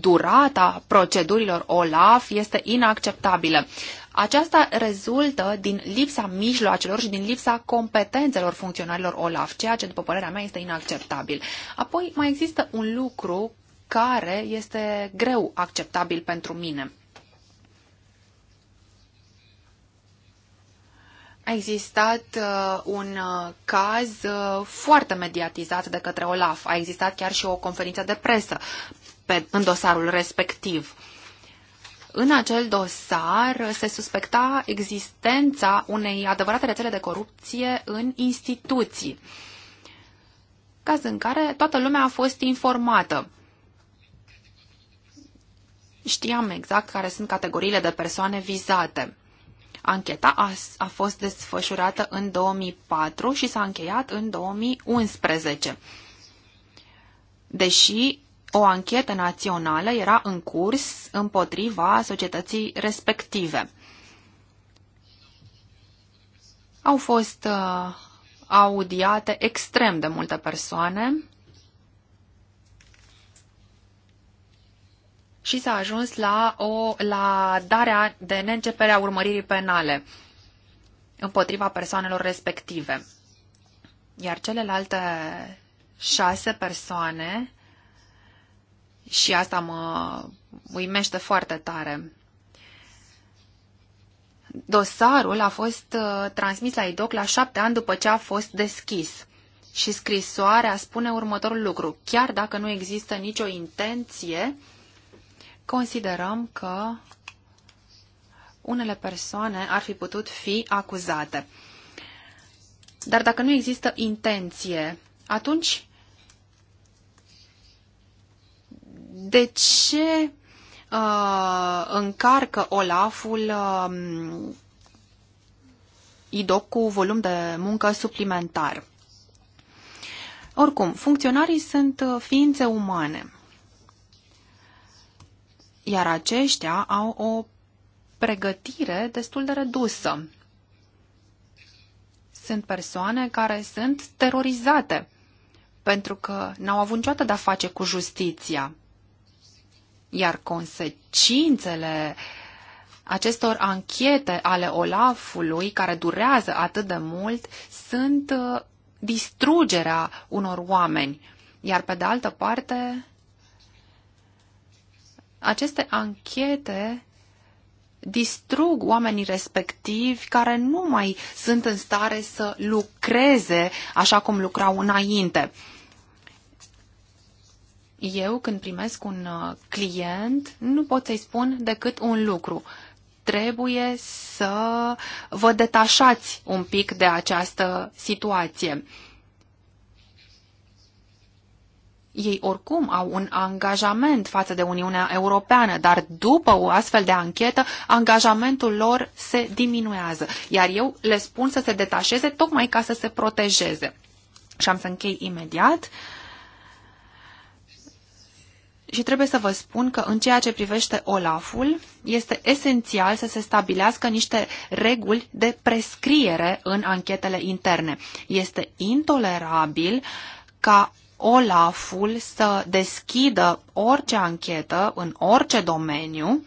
durata procedurilor OLAF este inacceptabilă. Aceasta rezultă din lipsa mijloacelor și din lipsa competențelor funcționarilor OLAF, ceea ce, după părerea mea, este inacceptabil. Apoi mai există un lucru care este greu acceptabil pentru mine. A existat uh, un uh, caz uh, foarte mediatizat de către Olaf. A existat chiar și o conferință de presă pe, în dosarul respectiv. Uh, în acel dosar se suspecta existența unei adevărate rețele de corupție în instituții, caz în care toată lumea a fost informată. Știam exact care sunt categoriile de persoane vizate. Ancheta a, a fost desfășurată în 2004 și s-a încheiat în 2011. Deși o anchetă națională era în curs împotriva societății respective. Au fost uh, audiate extrem de multe persoane și s-a ajuns la, o, la darea de neîncepere a urmăririi penale împotriva persoanelor respective. Iar celelalte șase persoane și asta mă uimește foarte tare. Dosarul a fost uh, transmis la IDOC la șapte ani după ce a fost deschis. Și scrisoarea spune următorul lucru. Chiar dacă nu există nicio intenție, considerăm că unele persoane ar fi putut fi acuzate. Dar dacă nu există intenție, atunci de ce uh, încarcă Olaful uh, um, IDOC cu volum de muncă suplimentar. Oricum, funcționarii sunt uh, ființe umane, iar aceștia au o pregătire destul de redusă. Sunt persoane care sunt terorizate pentru că n-au avut niciodată de-a face cu justiția iar consecințele acestor anchete ale Olafului, care durează atât de mult, sunt uh, distrugerea unor oameni. Iar pe de altă parte, aceste anchete distrug oamenii respectivi care nu mai sunt în stare să lucreze așa cum lucrau înainte. Eu, când primesc un uh, client, nu pot să-i spun decât un lucru. Trebuie să vă detașați un pic de această situație. Ei oricum au un angajament față de Uniunea Europeană, dar după o astfel de anchetă, angajamentul lor se diminuează. Iar eu le spun să se detașeze tocmai ca să se protejeze. Și am să închei imediat. Uh, și trebuie să vă spun că în ceea ce privește Olaful, este esențial să se stabilească niște reguli de prescriere în anchetele interne. Este intolerabil ca Olaful să deschidă orice anchetă în orice domeniu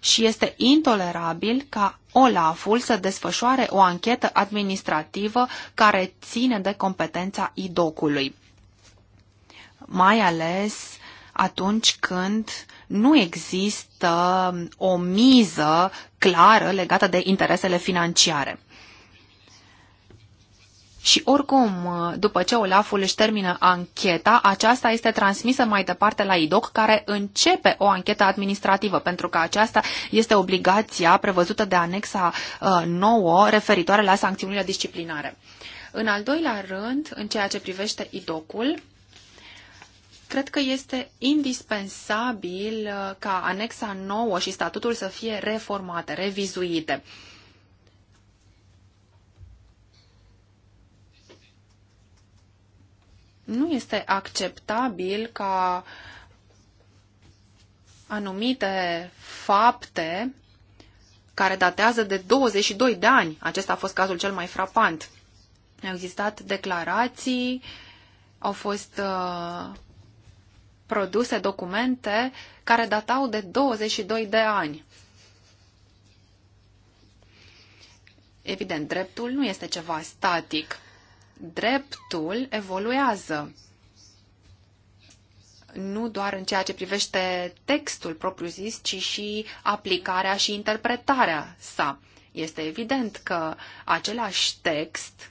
și este intolerabil ca Olaful să desfășoare o anchetă administrativă care ține de competența idocului. Mai ales atunci când nu există o miză clară legată de interesele financiare. Și oricum, după ce Olaful își termină ancheta, aceasta este transmisă mai departe la IDOC, care începe o anchetă administrativă, pentru că aceasta este obligația prevăzută de anexa 9 uh, referitoare la sancțiunile disciplinare. În al doilea rând, în ceea ce privește IDOC-ul, Cred că este indispensabil uh, ca anexa nouă și statutul să fie reformate, revizuite. Nu este acceptabil ca anumite fapte care datează de 22 de ani. Acesta a fost cazul cel mai frapant. Au existat declarații, au fost uh, produse documente care datau de 22 de ani. Evident, dreptul nu este ceva static. Dreptul evoluează. Nu doar în ceea ce privește textul propriu-zis, ci și aplicarea și interpretarea sa. Este evident că același text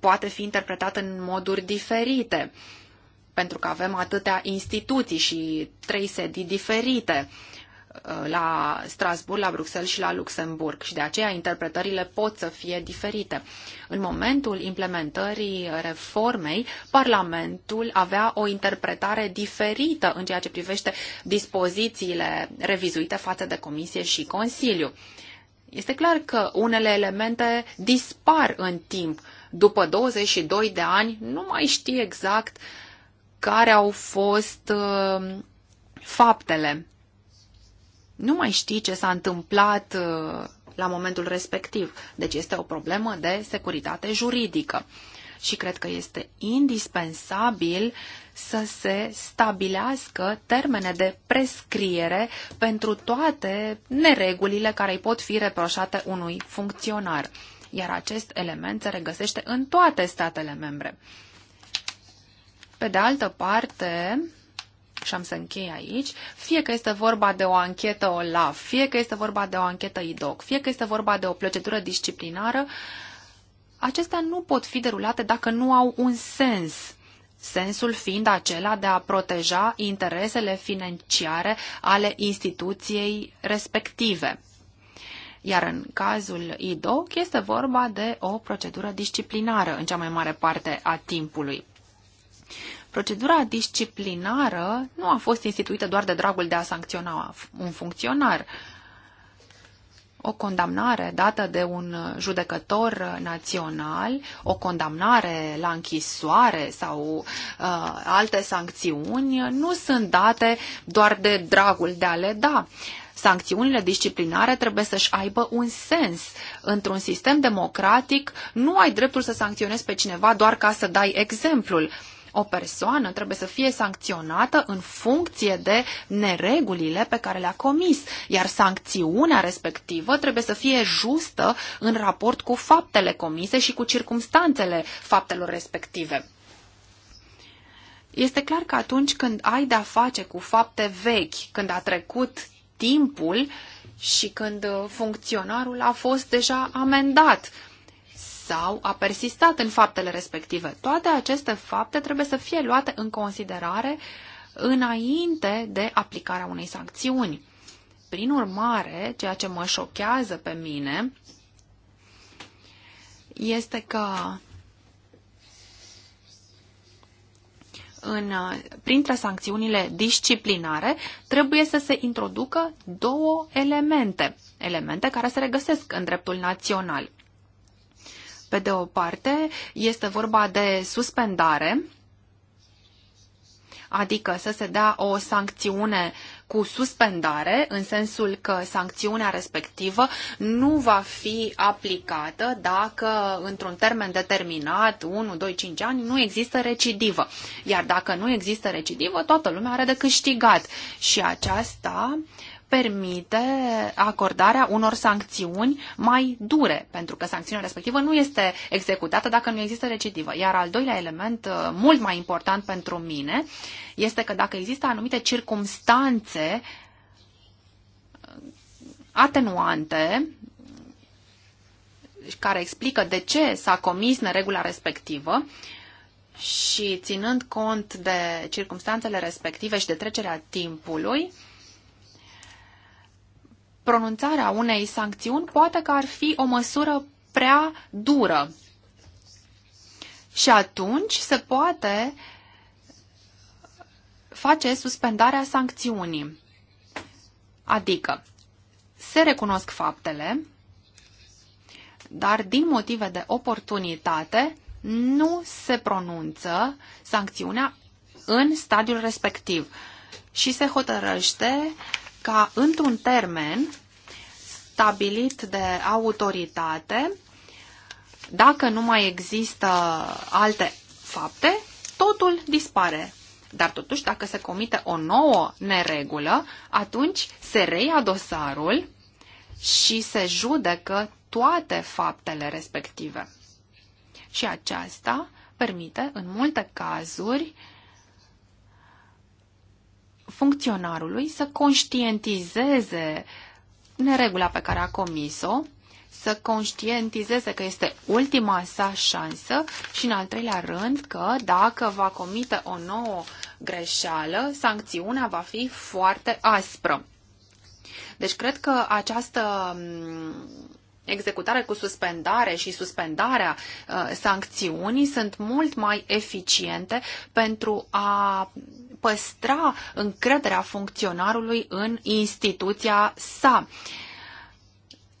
poate fi interpretat în moduri diferite, pentru că avem atâtea instituții și trei sedii diferite uh, la Strasbourg, la Bruxelles și la Luxemburg și de aceea interpretările pot să fie diferite. În momentul implementării reformei, Parlamentul avea o interpretare diferită în ceea ce privește dispozițiile revizuite față de Comisie și Consiliu. Este clar că unele elemente dispar în timp după 22 de ani, nu mai știe exact care au fost uh, faptele. Nu mai știi ce s-a întâmplat uh, la momentul respectiv. Deci este o problemă de securitate juridică. Și cred că este indispensabil să se stabilească termene de prescriere pentru toate neregulile care îi pot fi reproșate unui funcționar iar acest element se regăsește în toate statele membre. Pe de altă parte, și am să închei aici, fie că este vorba de o anchetă OLAF, fie că este vorba de o anchetă IDOC, fie că este vorba de o procedură disciplinară, acestea nu pot fi derulate dacă nu au un sens. Sensul fiind acela de a proteja interesele financiare ale instituției respective. Iar în cazul IDO este vorba de o procedură disciplinară în cea mai mare parte a timpului. Procedura disciplinară nu a fost instituită doar de dragul de a sancționa un funcționar. O condamnare dată de un judecător național, o condamnare la închisoare sau uh, alte sancțiuni nu sunt date doar de dragul de a le da. Uh, Sancțiunile disciplinare trebuie să-și aibă un sens. Într-un sistem democratic nu ai dreptul să sancționezi pe cineva doar ca să dai exemplul. O persoană trebuie să fie sancționată în funcție de neregulile pe care le-a comis, iar sancțiunea respectivă trebuie să fie justă în raport cu faptele comise și cu circumstanțele faptelor respective. Este clar că atunci când ai de-a face cu fapte vechi, când a trecut timpul și când funcționarul a fost deja amendat sau a persistat în faptele respective. Toate aceste fapte trebuie să fie luate în considerare înainte de aplicarea unei sancțiuni. Prin urmare, ceea ce mă șochează pe mine este că în, uh, printre sancțiunile disciplinare trebuie să se introducă două elemente, elemente care se regăsesc în dreptul național. Pe de o parte, este vorba de suspendare, adică să se dea o sancțiune uh, cu suspendare, în sensul că sancțiunea respectivă nu va fi aplicată dacă într-un termen determinat, 1, 2, 5 ani, nu există recidivă. Iar dacă nu există recidivă, toată lumea are de câștigat. Și aceasta uh, permite acordarea unor sancțiuni mai dure, pentru că sancțiunea respectivă nu este executată dacă nu există recidivă. Iar al doilea element, uh, mult mai important pentru mine, este că dacă există anumite circumstanțe uh, atenuante care explică de ce s-a comis neregula respectivă, și ținând cont de circumstanțele respective și de trecerea timpului, pronunțarea unei sancțiuni poate că ar fi o măsură prea dură. Și atunci se poate face suspendarea sancțiunii. Adică se recunosc faptele, dar din motive de oportunitate nu se pronunță sancțiunea în stadiul respectiv și se hotărăște ca într-un termen stabilit de autoritate, dacă nu mai există alte fapte, totul dispare. Dar totuși, dacă se comite o nouă neregulă, atunci se reia dosarul și se judecă toate faptele respective. Și aceasta permite, în multe cazuri, funcționarului să conștientizeze neregula pe care a comis-o, să conștientizeze că este ultima sa șansă și, în al treilea rând, că dacă va comite o nouă greșeală, sancțiunea va fi foarte aspră. Deci, cred că această mm, executare cu suspendare și suspendarea uh, sancțiunii sunt mult mai eficiente pentru a păstra încrederea funcționarului în instituția sa.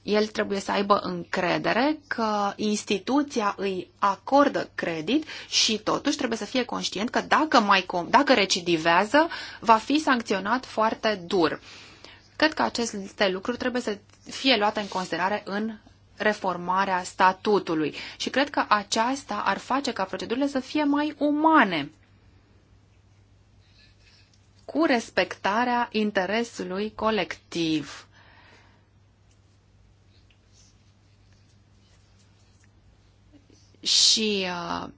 El trebuie să aibă încredere că instituția îi acordă credit și totuși trebuie să fie conștient că dacă, mai, dacă recidivează, va fi sancționat foarte dur. Cred că aceste lucruri trebuie să fie luate în considerare în reformarea statutului și cred că aceasta ar face ca procedurile să fie mai umane cu respectarea interesului colectiv. Și uh,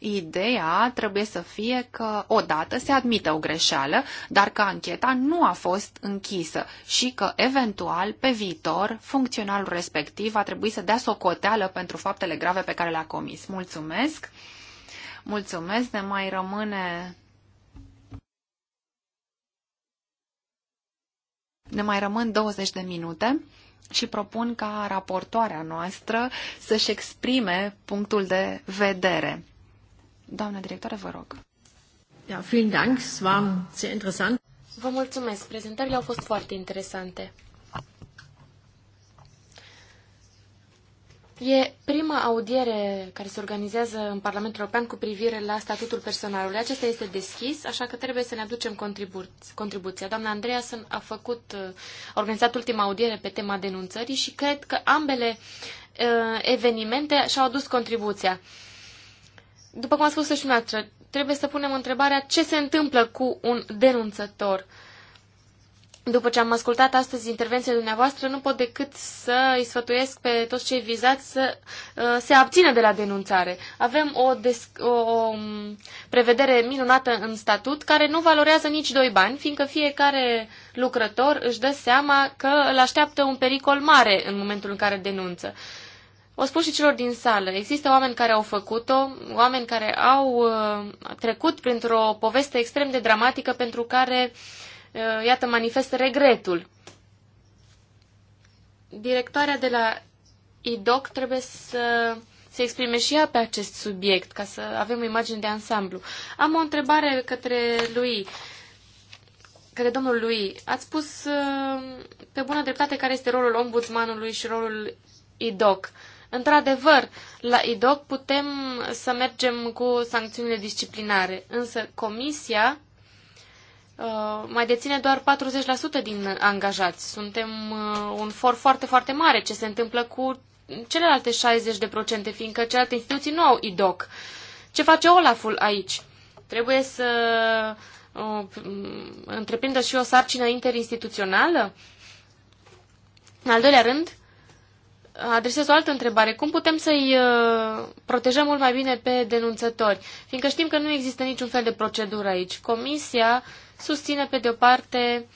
Ideea trebuie să fie că odată se admite o greșeală, dar că ancheta nu a fost închisă și că eventual pe viitor funcționalul respectiv va trebui să dea socoteală pentru faptele grave pe care le-a comis. Mulțumesc! Mulțumesc! Ne mai rămâne Ne mai rămân 20 de minute și propun ca raportoarea noastră să-și exprime punctul de vedere. Doamna directoare, vă rog. Ja, vielen Dank. Es war sehr interessant. Vă mulțumesc. Prezentările au fost foarte interesante. E prima audiere care se organizează în Parlamentul European cu privire la statutul personalului. Acesta este deschis, așa că trebuie să ne aducem contribu- contribuția. Doamna Andreea a făcut, uh, a organizat ultima audiere pe tema denunțării și cred că ambele uh, evenimente și-au adus contribuția. După cum a spus și dumneavoastră, trebuie să punem întrebarea ce se întâmplă cu un denunțător. Uh, după ce am ascultat astăzi intervenția dumneavoastră, nu pot decât să îi sfătuiesc pe toți cei vizați să uh, se abțină de la denunțare. Avem o, o um, prevedere minunată în statut care nu valorează nici doi bani, fiindcă fiecare lucrător își dă seama că îl așteaptă un pericol mare în momentul în care denunță. O spun și celor din sală. Există oameni care au făcut-o, oameni care au uh, trecut printr-o poveste extrem de dramatică pentru care uh, Eh, iată, manifestă regretul. Directoarea de la IDOC trebuie să se exprime și ea pe acest subiect, ca să avem o imagine de ansamblu. Am o întrebare către lui, către domnul lui. Ați spus eh, pe bună dreptate care este rolul ombudsmanului și rolul IDOC. Într-adevăr, la IDOC putem să mergem cu sancțiunile disciplinare, însă comisia Uh, mai deține doar 40% din angajați. Suntem uh, un for foarte, foarte mare. Ce se întâmplă cu celelalte 60%, fiindcă celelalte instituții nu au IDOC. Ce face Olaful aici? Trebuie să uh, întreprindă și o sarcină interinstituțională? În al doilea rând, adresez o altă întrebare. Cum putem să-i protejăm mult mai bine pe denunțători? Fiindcă știm că nu există niciun fel de procedură aici. Comisia uh, susține pe de o parte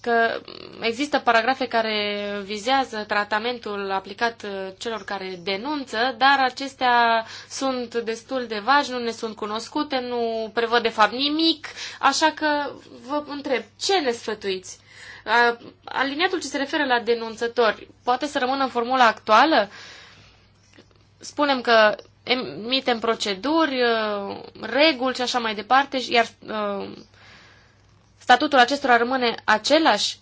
că există paragrafe care vizează tratamentul aplicat uh, celor care denunță, dar acestea sunt destul de vagi, nu ne sunt cunoscute, nu prevăd de fapt nimic, așa că vă întreb, ce ne sfătuiți? Aliniatul ce se referă la denunțători poate să rămână în formula actuală? Spunem că emitem proceduri, uh, reguli și așa mai departe, iar uh, statutul acestora rămâne același?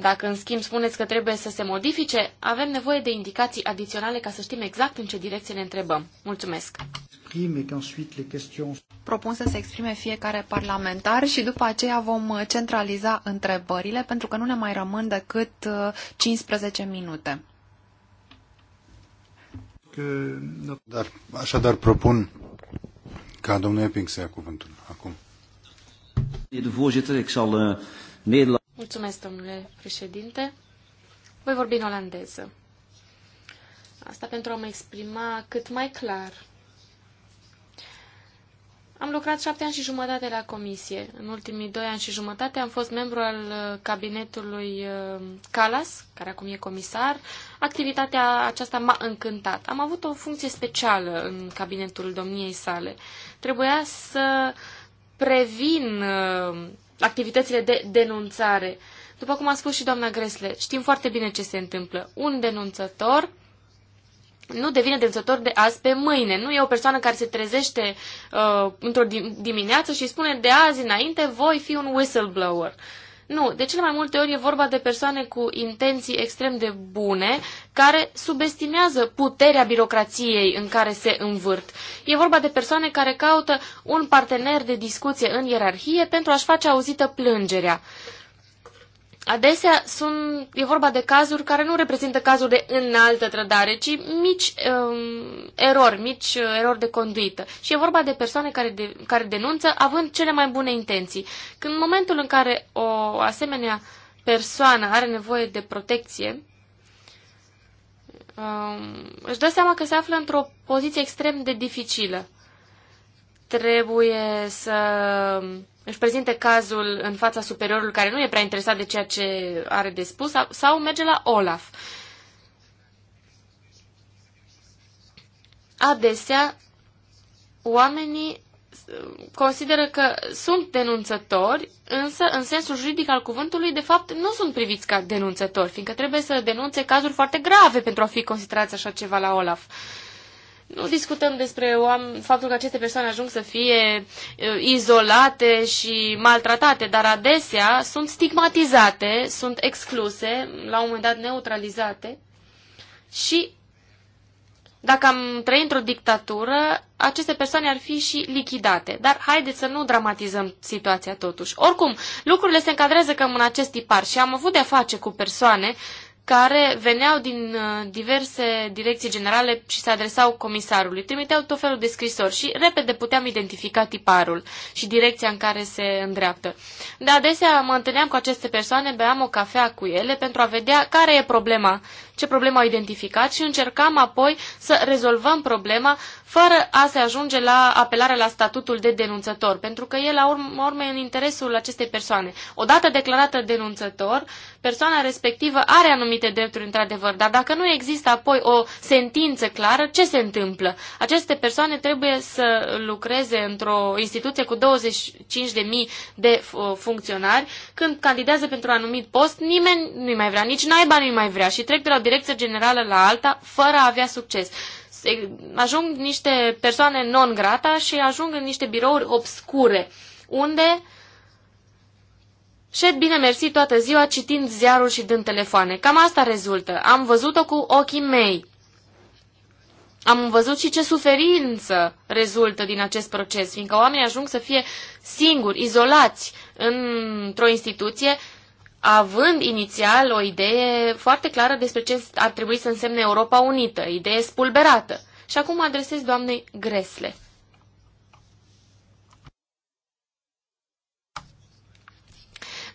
Dacă, în schimb, spuneți că trebuie să se modifice, avem nevoie de indicații adiționale ca să știm exact în ce direcție ne întrebăm. Mulțumesc! Propun să se exprime fiecare parlamentar și după aceea vom centraliza întrebările, pentru că nu ne mai rămân decât 15 uh, minute. Dar, așadar propun ca domnul Epping să ia cuvântul acum. Eh, Mulțumesc, domnule președinte. Voi vorbi în olandeză. Asta pentru a mă exprima cât mai clar. Am lucrat șapte ani și jumătate la comisie. În ultimii doi ani și jumătate am fost membru al eh, cabinetului eh, Calas, care acum e comisar. Activitatea aceasta m-a încântat. Am avut o funcție specială în cabinetul domniei sale. Trebuia să previn uh, activitățile de denunțare. După cum a spus și doamna Gresle, știm foarte bine ce se întâmplă. Un denunțător nu devine denunțător de azi pe mâine. Nu e o persoană care se trezește uh, într-o dimineață și spune de azi înainte voi fi un whistleblower. Uh, nu, de cele mai multe ori e vorba de persoane cu intenții extrem de bune care subestimează puterea birocrației în care se învârt. E vorba de persoane care caută un partener de discuție în ierarhie pentru a-și face auzită plângerea. Adesea sunt, e vorba de cazuri care nu reprezintă cazuri de înaltă trădare, ci mici um, erori, mici uh, erori de conduită. Și e vorba de persoane care, de, care denunță având cele mai bune intenții. Când în momentul în care o asemenea persoană are nevoie de protecție, um, își dă seama că se află într-o poziție extrem de dificilă. Trebuie să își prezinte cazul în fața superiorului care nu e prea interesat de ceea ce are de spus sau merge la Olaf. Adesea, oamenii uh, consideră că sunt denunțători, însă în sensul juridic al cuvântului, de fapt, nu sunt priviți ca denunțători, fiindcă trebuie să denunțe cazuri foarte grave pentru a fi considerați așa ceva la Olaf. Uh, nu discutăm despre faptul că aceste persoane ajung să fie izolate și maltratate, dar adesea sunt stigmatizate, sunt excluse, la un moment dat neutralizate și dacă am trăit într-o dictatură, aceste persoane ar fi și lichidate. Dar haideți să nu dramatizăm situația totuși. Oricum, lucrurile se încadrează cam în acest tipar și am avut de-a face cu persoane care veneau din uh, diverse direcții generale și se adresau comisarului. Trimiteau tot felul de scrisori și repede puteam identifica tiparul și direcția în care se îndreaptă. De adesea mă întâlneam cu aceste persoane, beam o cafea cu ele pentru a vedea care e problema, ce problemă au identificat și încercam apoi să rezolvăm problema fără a se ajunge la apelarea la statutul de denunțător, pentru că e la urmă, urmă în interesul acestei persoane. Odată declarată denunțător, persoana respectivă are anumite anumite drepturi într-adevăr, dar dacă nu există apoi o sentință clară, ce se întâmplă? Aceste persoane trebuie să lucreze într-o instituție cu 25.000 de uh, funcționari. Când candidează pentru un anumit post, nimeni nu-i mai vrea, nici naiba nu-i mai vrea și trec de la o direcție generală la alta fără a avea succes ajung niște persoane non grata și ajung în niște birouri obscure, unde Șed bine mersi toată ziua citind ziarul și dând telefoane. Cam asta rezultă. Am văzut-o cu ochii mei. Am văzut și ce suferință rezultă din acest proces, fiindcă oamenii ajung să fie singuri, izolați într-o instituție, având inițial o idee foarte clară despre ce ar trebui să însemne Europa Unită, idee spulberată. Și acum adresez doamnei Gresle.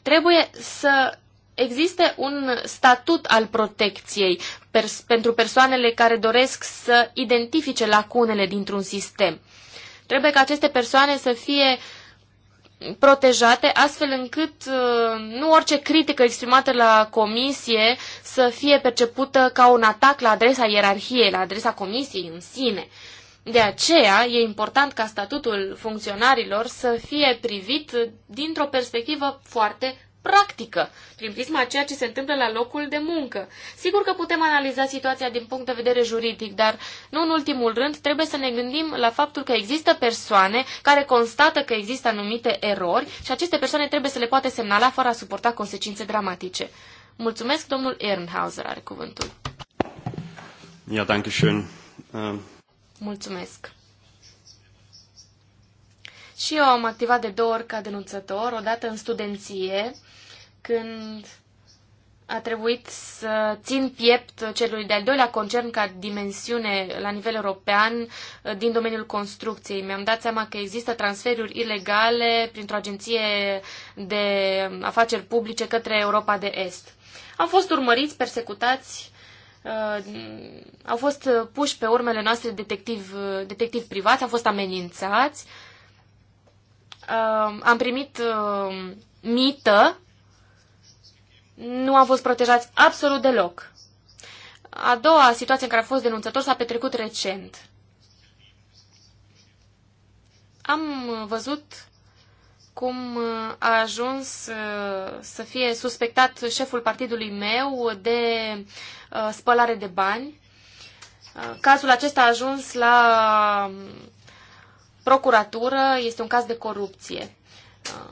Trebuie să existe un statut al protecției pers pentru persoanele care doresc să identifice lacunele dintr-un sistem. Trebuie ca aceste persoane să fie protejate astfel încât uh, nu orice critică exprimată la comisie să fie percepută ca un atac la adresa ierarhiei, la adresa comisiei în sine. De aceea e important ca statutul funcționarilor să fie privit dintr-o perspectivă foarte practică, prin prisma a ceea ce se întâmplă la locul de muncă. Sigur că putem analiza situația din punct de vedere juridic, dar nu în ultimul rând trebuie să ne gândim la faptul că există persoane care constată că există anumite erori și aceste persoane trebuie să le poate semnala fără a suporta consecințe dramatice. Mulțumesc, domnul Ehrenhauser are cuvântul. Ja, danke schön. Uh... Mulțumesc! Și eu am activat de două ori ca denunțător, odată în studenție, când a trebuit să țin piept celui de-al doilea concern ca dimensiune la nivel european uh, din domeniul construcției. Mi-am dat seama că există transferuri ilegale printr-o agenție de afaceri publice către Europa de Est. Am fost urmăriți, persecutați uh, au fost puși pe urmele noastre detectiv, uh, detectiv privați, au fost amenințați. Uh, am primit uh, mită, nu am fost protejați absolut deloc. A doua situație în care a fost denunțător s-a petrecut recent. Am văzut cum uh, a ajuns uh, să fie suspectat șeful partidului meu de uh, spălare de bani. Cazul acesta a ajuns la um, procuratură, este un caz de corupție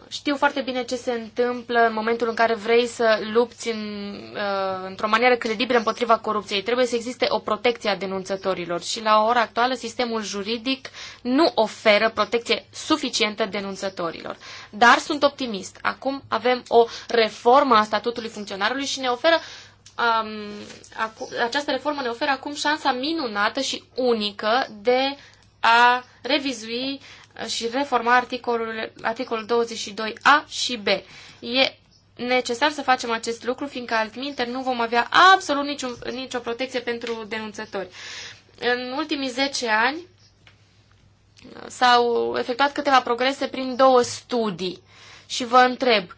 știu foarte bine ce se întâmplă în momentul în care vrei să lupți în, uh, într-o manieră credibilă împotriva corupției. Trebuie să existe o protecție a denunțătorilor și la ora actuală sistemul juridic nu oferă protecție suficientă denunțătorilor. Dar sunt optimist. Acum avem o reformă a statutului funcționarului și ne oferă um, această reformă ne oferă acum șansa minunată și unică de a revizui uh, și reforma articolul, articolul 22a și b. E necesar să facem acest lucru, fiindcă altminte nu vom avea absolut nicio, nicio protecție pentru denunțători. În ultimii 10 ani s-au efectuat câteva progrese prin două studii și vă întreb,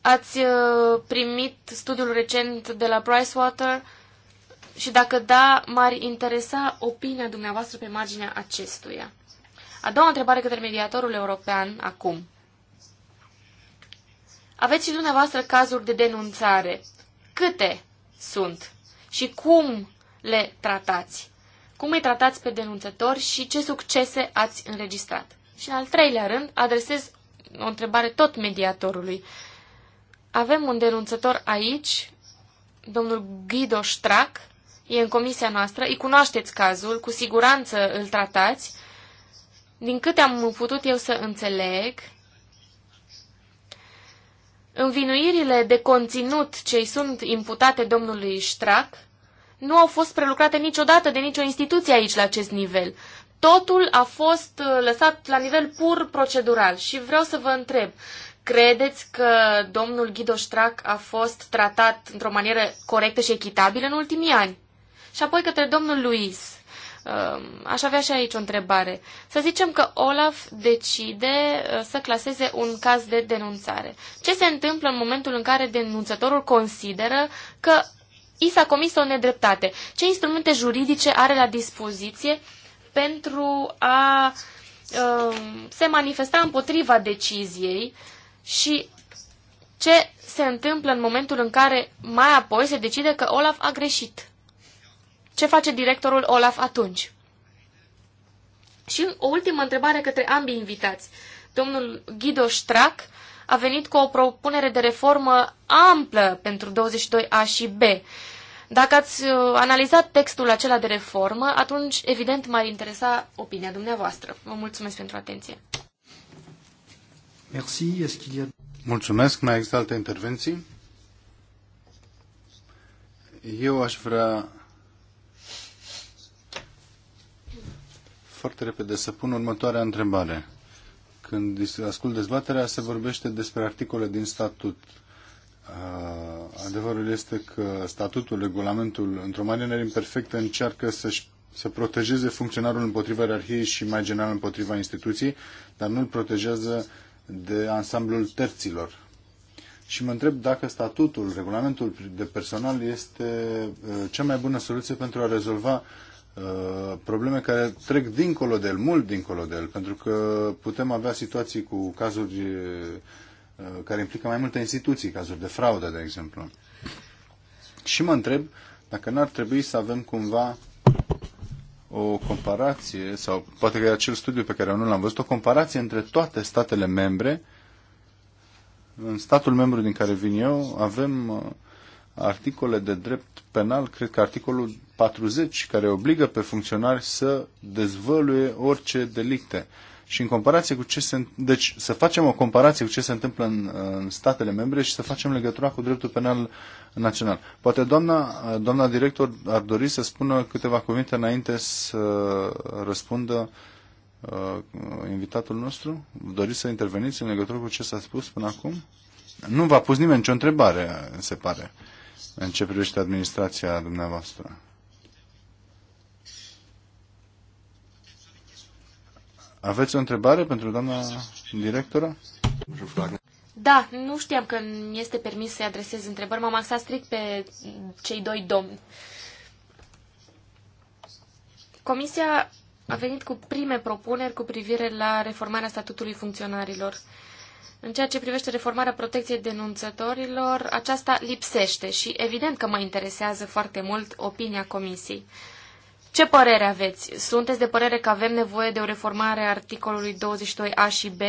ați uh, primit studiul recent de la Pricewater și dacă da, m-ar interesa opinia dumneavoastră pe marginea acestuia. A doua întrebare către mediatorul european acum. Aveți și dumneavoastră cazuri de denunțare. Câte sunt? Și cum le tratați? Cum îi tratați pe denunțători și ce succese ați înregistrat? Și în al treilea rând, adresez o întrebare tot mediatorului. Avem un denunțător aici, domnul Guido Strac, e în comisia noastră, îi cunoașteți cazul, cu siguranță îl tratați, din câte am putut eu să înțeleg, învinuirile de conținut ce sunt imputate domnului Strac nu au fost prelucrate niciodată de nicio instituție aici la acest nivel. Totul a fost uh, lăsat la nivel pur procedural și vreau să vă întreb, credeți că domnul Ghido Strac a fost tratat într-o manieră corectă și echitabilă în ultimii ani? Și apoi către domnul Luis. Um, aș avea și aici o întrebare. Să zicem că Olaf decide uh, să claseze un caz de denunțare. Ce se întâmplă în momentul în care denunțătorul consideră că i s-a comis o nedreptate? Ce instrumente juridice are la dispoziție pentru a um, se manifesta împotriva deciziei și ce se întâmplă în momentul în care mai apoi se decide că Olaf a greșit? ce face directorul Olaf atunci? Și o ultimă întrebare către ambii invitați. Domnul Guido Strack a venit cu o propunere de reformă amplă pentru 22A și B. Dacă ați uh, analizat textul acela de reformă, atunci, evident, m-ar interesa opinia dumneavoastră. Vă mulțumesc pentru atenție. Mulțumesc. Mai există alte intervenții? Eu aș vrea foarte repede să pun următoarea întrebare. Când ascult dezbaterea, se vorbește despre articole din statut. Uh, adevărul este că statutul, regulamentul, într-o manieră imperfectă, încearcă să-și să protejeze funcționarul împotriva ierarhiei și mai general împotriva instituției, dar nu îl protejează de ansamblul terților. Și mă întreb dacă statutul, regulamentul de personal este uh, cea mai bună soluție pentru a rezolva Uh, probleme care trec dincolo de el, mult dincolo de el, pentru că putem avea situații cu cazuri uh, care implică mai multe instituții, cazuri de fraudă, de exemplu. Și mă întreb dacă n-ar trebui să avem cumva o comparație, sau poate că e acel studiu pe care eu nu l-am văzut, o comparație între toate statele membre. În statul membru din care vin eu avem uh, articole de drept penal, cred că articolul 40 care obligă pe funcționari să dezvăluie orice delicte. Și în comparație cu ce se, deci să facem o comparație cu ce se întâmplă în, în statele membre și să facem legătura cu dreptul penal național. Poate doamna, doamna director ar dori să spună câteva cuvinte înainte să răspundă uh, invitatul nostru. Doriți să interveniți în legătură cu ce s-a spus până acum? Nu v-a pus nimeni nicio întrebare, se pare, în ce privește administrația dumneavoastră. Aveți o întrebare pentru doamna directoră? Da, nu știam că este permis să-i adresez întrebări. M-am axat strict pe cei doi domni. Comisia a venit cu prime propuneri cu privire la reformarea statutului funcționarilor. În ceea ce privește reformarea protecției denunțătorilor, aceasta lipsește și evident că mă interesează foarte mult opinia Comisiei. Ce părere aveți? Sunteți de părere că avem nevoie de o reformare a articolului 22a și b?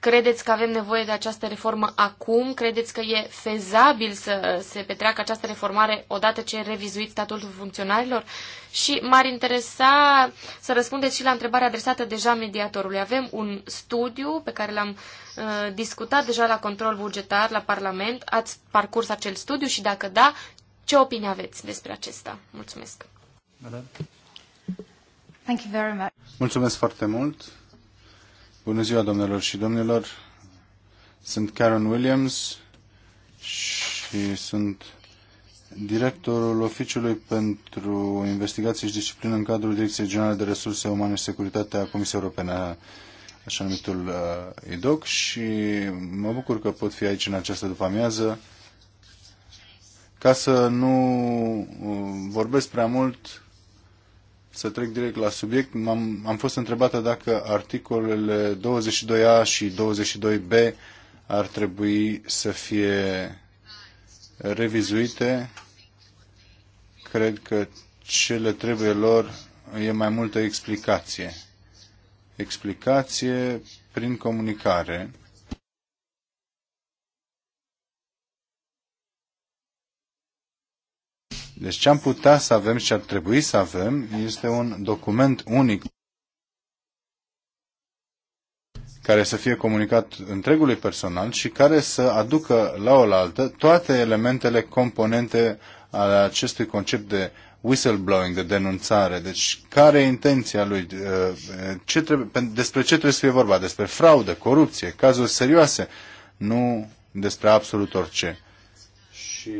Credeți că avem nevoie de această reformă acum? Credeți că e fezabil să se petreacă această reformare odată ce e revizuit statutul funcționarilor? Și m-ar interesa să răspundeți și la întrebarea adresată deja mediatorului. Avem un studiu pe care l-am uh, discutat deja la control bugetar, la Parlament. Ați parcurs acel studiu și dacă da, ce opinie aveți despre acesta? Mulțumesc! Mulțumesc foarte mult. Bună ziua, domnilor și domnilor. Sunt Karen Williams și sunt directorul Oficiului pentru Investigații și Disciplină în cadrul Direcției Generale de Resurse Umane și Securitate a Comisiei Europene, așa numitul uh, IDOC, și mă bucur că pot fi aici în această după-amiază ca să nu uh, vorbesc prea mult să trec direct la subiect, am am fost întrebată dacă articolele 22A și 22B ar trebui să fie revizuite. Cred că ce le trebuie lor e mai multă explicație. Explicație prin comunicare Deci ce am putea să avem și ce ar trebui să avem este un document unic care să fie comunicat întregului personal și care să aducă la oaltă toate elementele componente ale acestui concept de whistleblowing, de denunțare. Deci, care e intenția lui? Uh, ce trebuie, despre ce trebuie să fie vorba? Despre fraudă, corupție, cazuri serioase, nu despre absolut orice. Și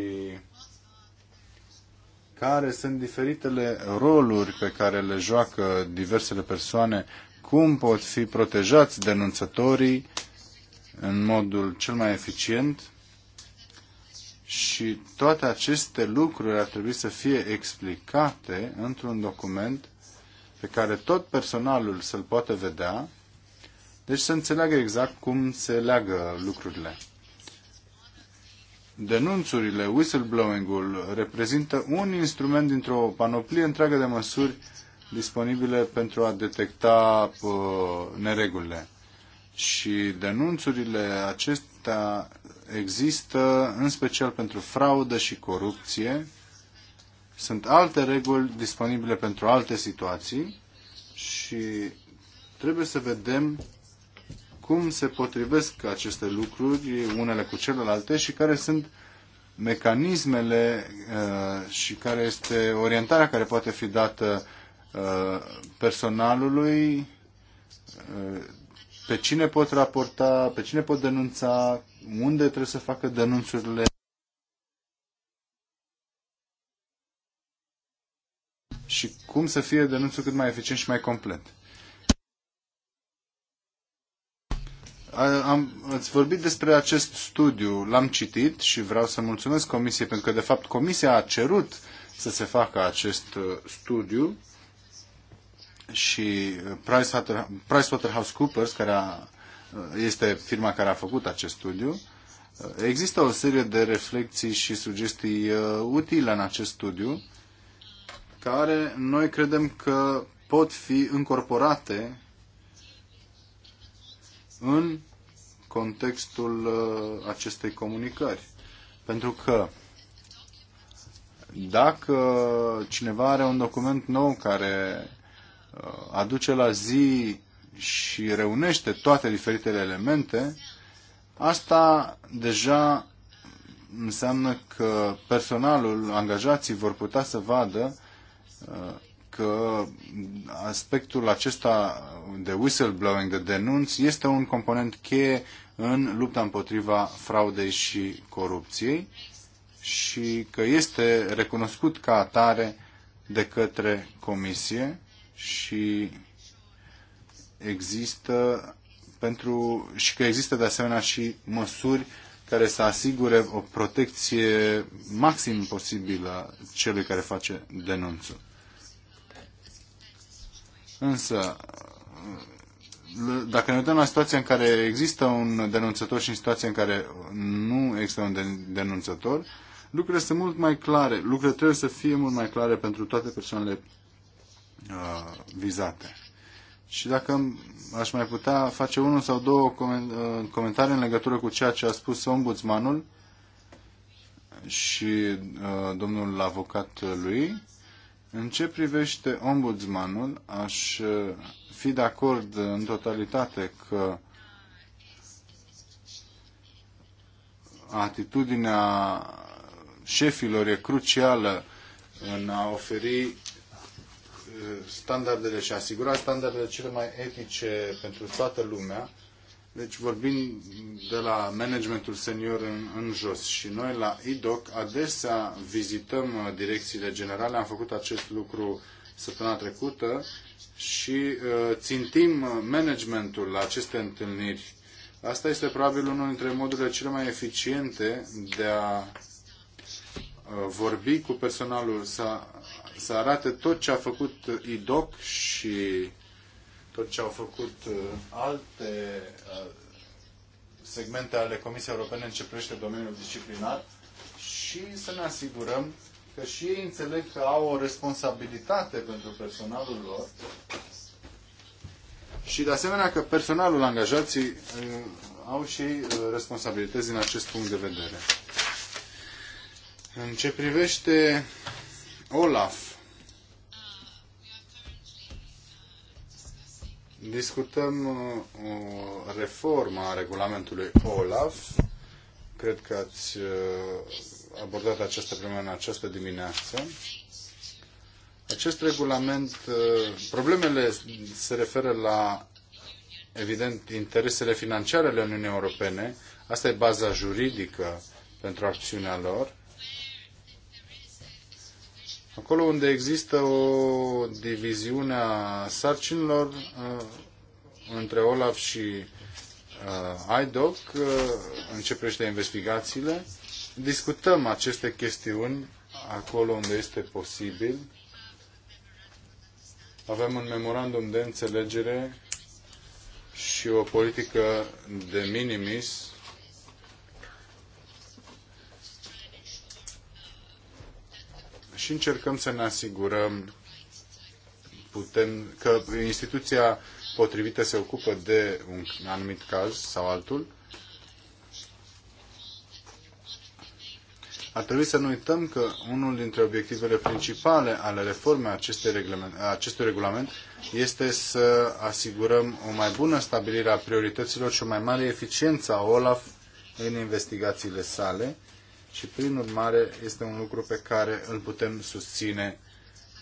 care sunt diferitele roluri pe care le joacă diversele persoane, cum pot fi protejați denunțătorii în modul cel mai eficient și toate aceste lucruri ar trebui să fie explicate într-un document pe care tot personalul să-l poată vedea, deci să înțeleagă exact cum se leagă lucrurile denunțurile, whistleblowing-ul reprezintă un instrument dintr-o panoplie întreagă de măsuri disponibile pentru a detecta uh, neregulile. Și denunțurile acestea există în special pentru fraudă și corupție. Sunt alte reguli disponibile pentru alte situații și trebuie să vedem cum se potrivesc aceste lucruri unele cu celelalte și care sunt mecanismele uh, și care este orientarea care poate fi dată uh, personalului, uh, pe cine pot raporta, pe cine pot denunța, unde trebuie să facă denunțurile. Și cum să fie denunțul cât mai eficient și mai complet. Am, ați vorbit despre acest studiu, l-am citit și vreau să mulțumesc Comisiei, pentru că, de fapt, Comisia a cerut să se facă acest uh, studiu și uh, PricewaterhouseCoopers, care a, uh, este firma care a făcut acest studiu, există o serie de reflexii și sugestii utile în acest studiu, care noi credem că pot fi incorporate în contextul uh, acestei comunicări. Pentru că dacă cineva are un document nou care uh, aduce la zi și reunește toate diferitele elemente, asta deja înseamnă că personalul, angajații vor putea să vadă uh, că aspectul acesta de whistleblowing, de denunț, este un component cheie în lupta împotriva fraudei și corupției și că este recunoscut ca atare de către comisie și există pentru, și că există de asemenea și măsuri care să asigure o protecție maxim posibilă celui care face denunțul. Însă, dacă ne uităm la situația în care există un denunțător și în situația în care nu există un denunțător, lucrurile sunt mult mai clare. Lucrurile trebuie să fie mult mai clare pentru toate persoanele uh, vizate. Și dacă aș mai putea face unul sau două uh, comentarii în legătură cu ceea ce a spus ombudsmanul și uh, domnul avocat lui, în ce privește ombudsmanul, aș uh, fi de acord în totalitate că atitudinea șefilor e crucială în a oferi uh, standardele și asigura standardele cele mai etice pentru toată lumea deci vorbim de la managementul senior în, în jos și noi la IDOC adesea vizităm uh, direcțiile generale, am făcut acest lucru săptămâna trecută și uh, țintim uh, managementul la aceste întâlniri. Asta este probabil unul dintre modurile cele mai eficiente de a uh, vorbi cu personalul, să, să arate tot ce a făcut IDOC și tot ce au făcut uh, alte uh, segmente ale Comisiei Europene în ce privește domeniul disciplinar și să ne asigurăm că și ei înțeleg că au o responsabilitate pentru personalul lor și de asemenea că personalul angajații uh, au și ei responsabilități din acest punct de vedere. În ce privește Olaf, Discutăm uh, o reformă a regulamentului OLAF. Cred că ați uh, abordat această problemă în această dimineață. Acest regulament, uh, problemele se referă la, evident, interesele financiare ale Uniunii Europene. Asta e baza juridică pentru acțiunea lor Acolo unde există o diviziune a sarcinilor uh, între OLAF și uh, IDOC, uh, începește investigațiile, discutăm aceste chestiuni acolo unde este posibil. Avem un memorandum de înțelegere și o politică de minimis și încercăm să ne asigurăm putem, că instituția potrivită se ocupă de un anumit caz sau altul. Ar trebui să nu uităm că unul dintre obiectivele principale ale reformei acestui regulament este să asigurăm o mai bună stabilire a priorităților și o mai mare eficiență a OLAF în investigațiile sale și prin urmare este un lucru pe care îl putem susține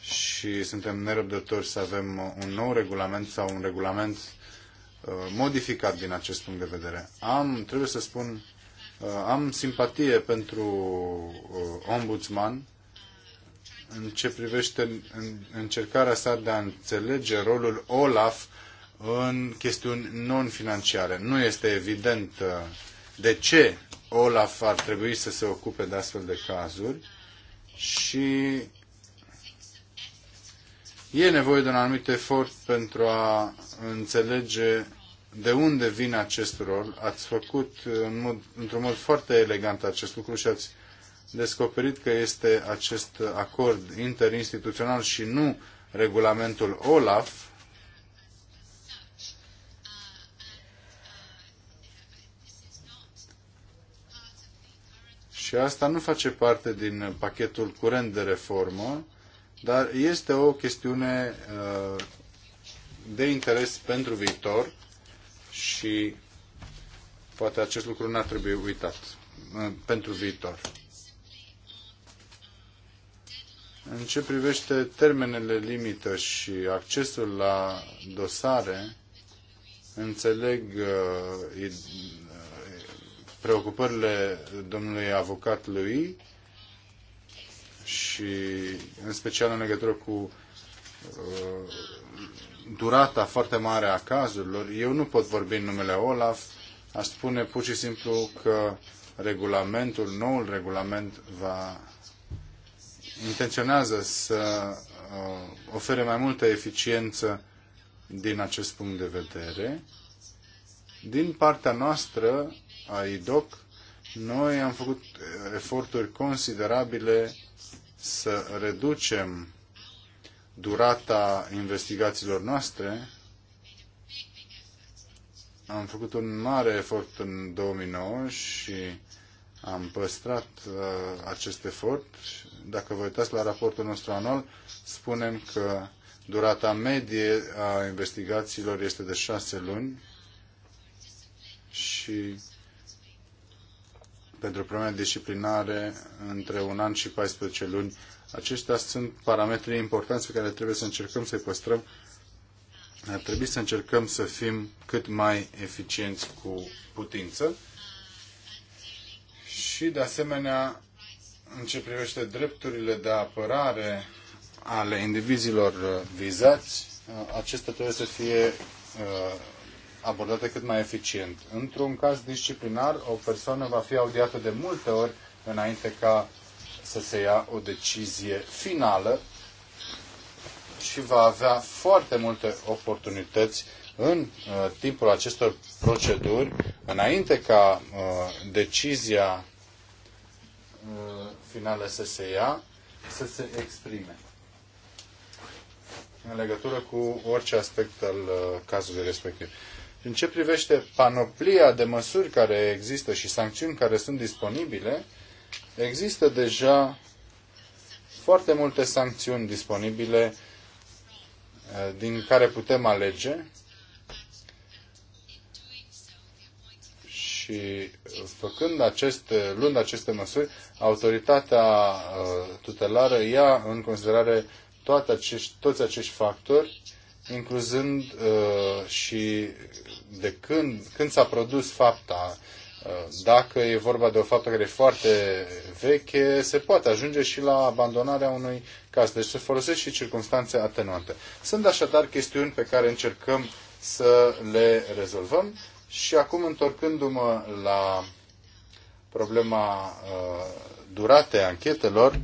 și suntem nerăbdători să avem uh, un nou regulament sau un regulament uh, modificat din acest punct de vedere. Am, trebuie să spun, uh, am simpatie pentru ombudsman în ce privește încercarea sa de a înțelege rolul OLAF în chestiuni non-financiare. Nu este evident de ce Olaf ar trebui să se ocupe de astfel de cazuri și e nevoie de un anumit efort pentru a înțelege de unde vine acest rol. Ați făcut în mod, într-un mod foarte elegant acest lucru și ați descoperit că este acest acord interinstituțional și nu regulamentul OLAF Și asta nu face parte din pachetul curent de reformă, dar este o chestiune uh, de interes pentru viitor și poate acest lucru n-ar trebui uitat uh, pentru viitor. În ce privește termenele limită și accesul la dosare, înțeleg uh, preocupările domnului avocat lui și în special în legătură cu uh, durata foarte mare a cazurilor. Eu nu pot vorbi în numele Olaf, aș spune pur și simplu că regulamentul, noul regulament va intenționează să uh, ofere mai multă eficiență din acest punct de vedere. Din partea noastră, a IDOC, noi am făcut eforturi considerabile să reducem durata investigațiilor noastre. Am făcut un mare efort în 2009 și am păstrat uh, acest efort. Dacă vă uitați la raportul nostru anual, spunem că durata medie a investigațiilor este de șase luni și pentru probleme disciplinare între un an și 14 luni. Aceștia sunt parametrii importanți pe care trebuie să încercăm să-i păstrăm. Ar trebui să încercăm să fim cât mai eficienți cu putință și, de asemenea, în ce privește drepturile de apărare ale indivizilor vizați, acestea trebuie să fie uh, abordate cât mai eficient. Într-un caz disciplinar, o persoană va fi audiată de multe ori înainte ca să se ia o decizie finală și va avea foarte multe oportunități în uh, timpul acestor proceduri, înainte ca uh, decizia uh, finală să se ia, să se exprime în legătură cu orice aspect al uh, cazului respectiv. În ce privește panoplia de măsuri care există și sancțiuni care sunt disponibile, există deja foarte multe sancțiuni disponibile eh, din care putem alege și făcând acest, luând aceste măsuri, autoritatea eh, tutelară ia în considerare toate acești, toți acești factori incluzând uh, și de când, când s-a produs fapta, uh, dacă e vorba de o faptă care e foarte veche, se poate ajunge și la abandonarea unui caz. Deci se folosesc și circunstanțe atenuante. Sunt așadar chestiuni pe care încercăm să le rezolvăm și acum întorcându-mă la problema uh, duratei anchetelor.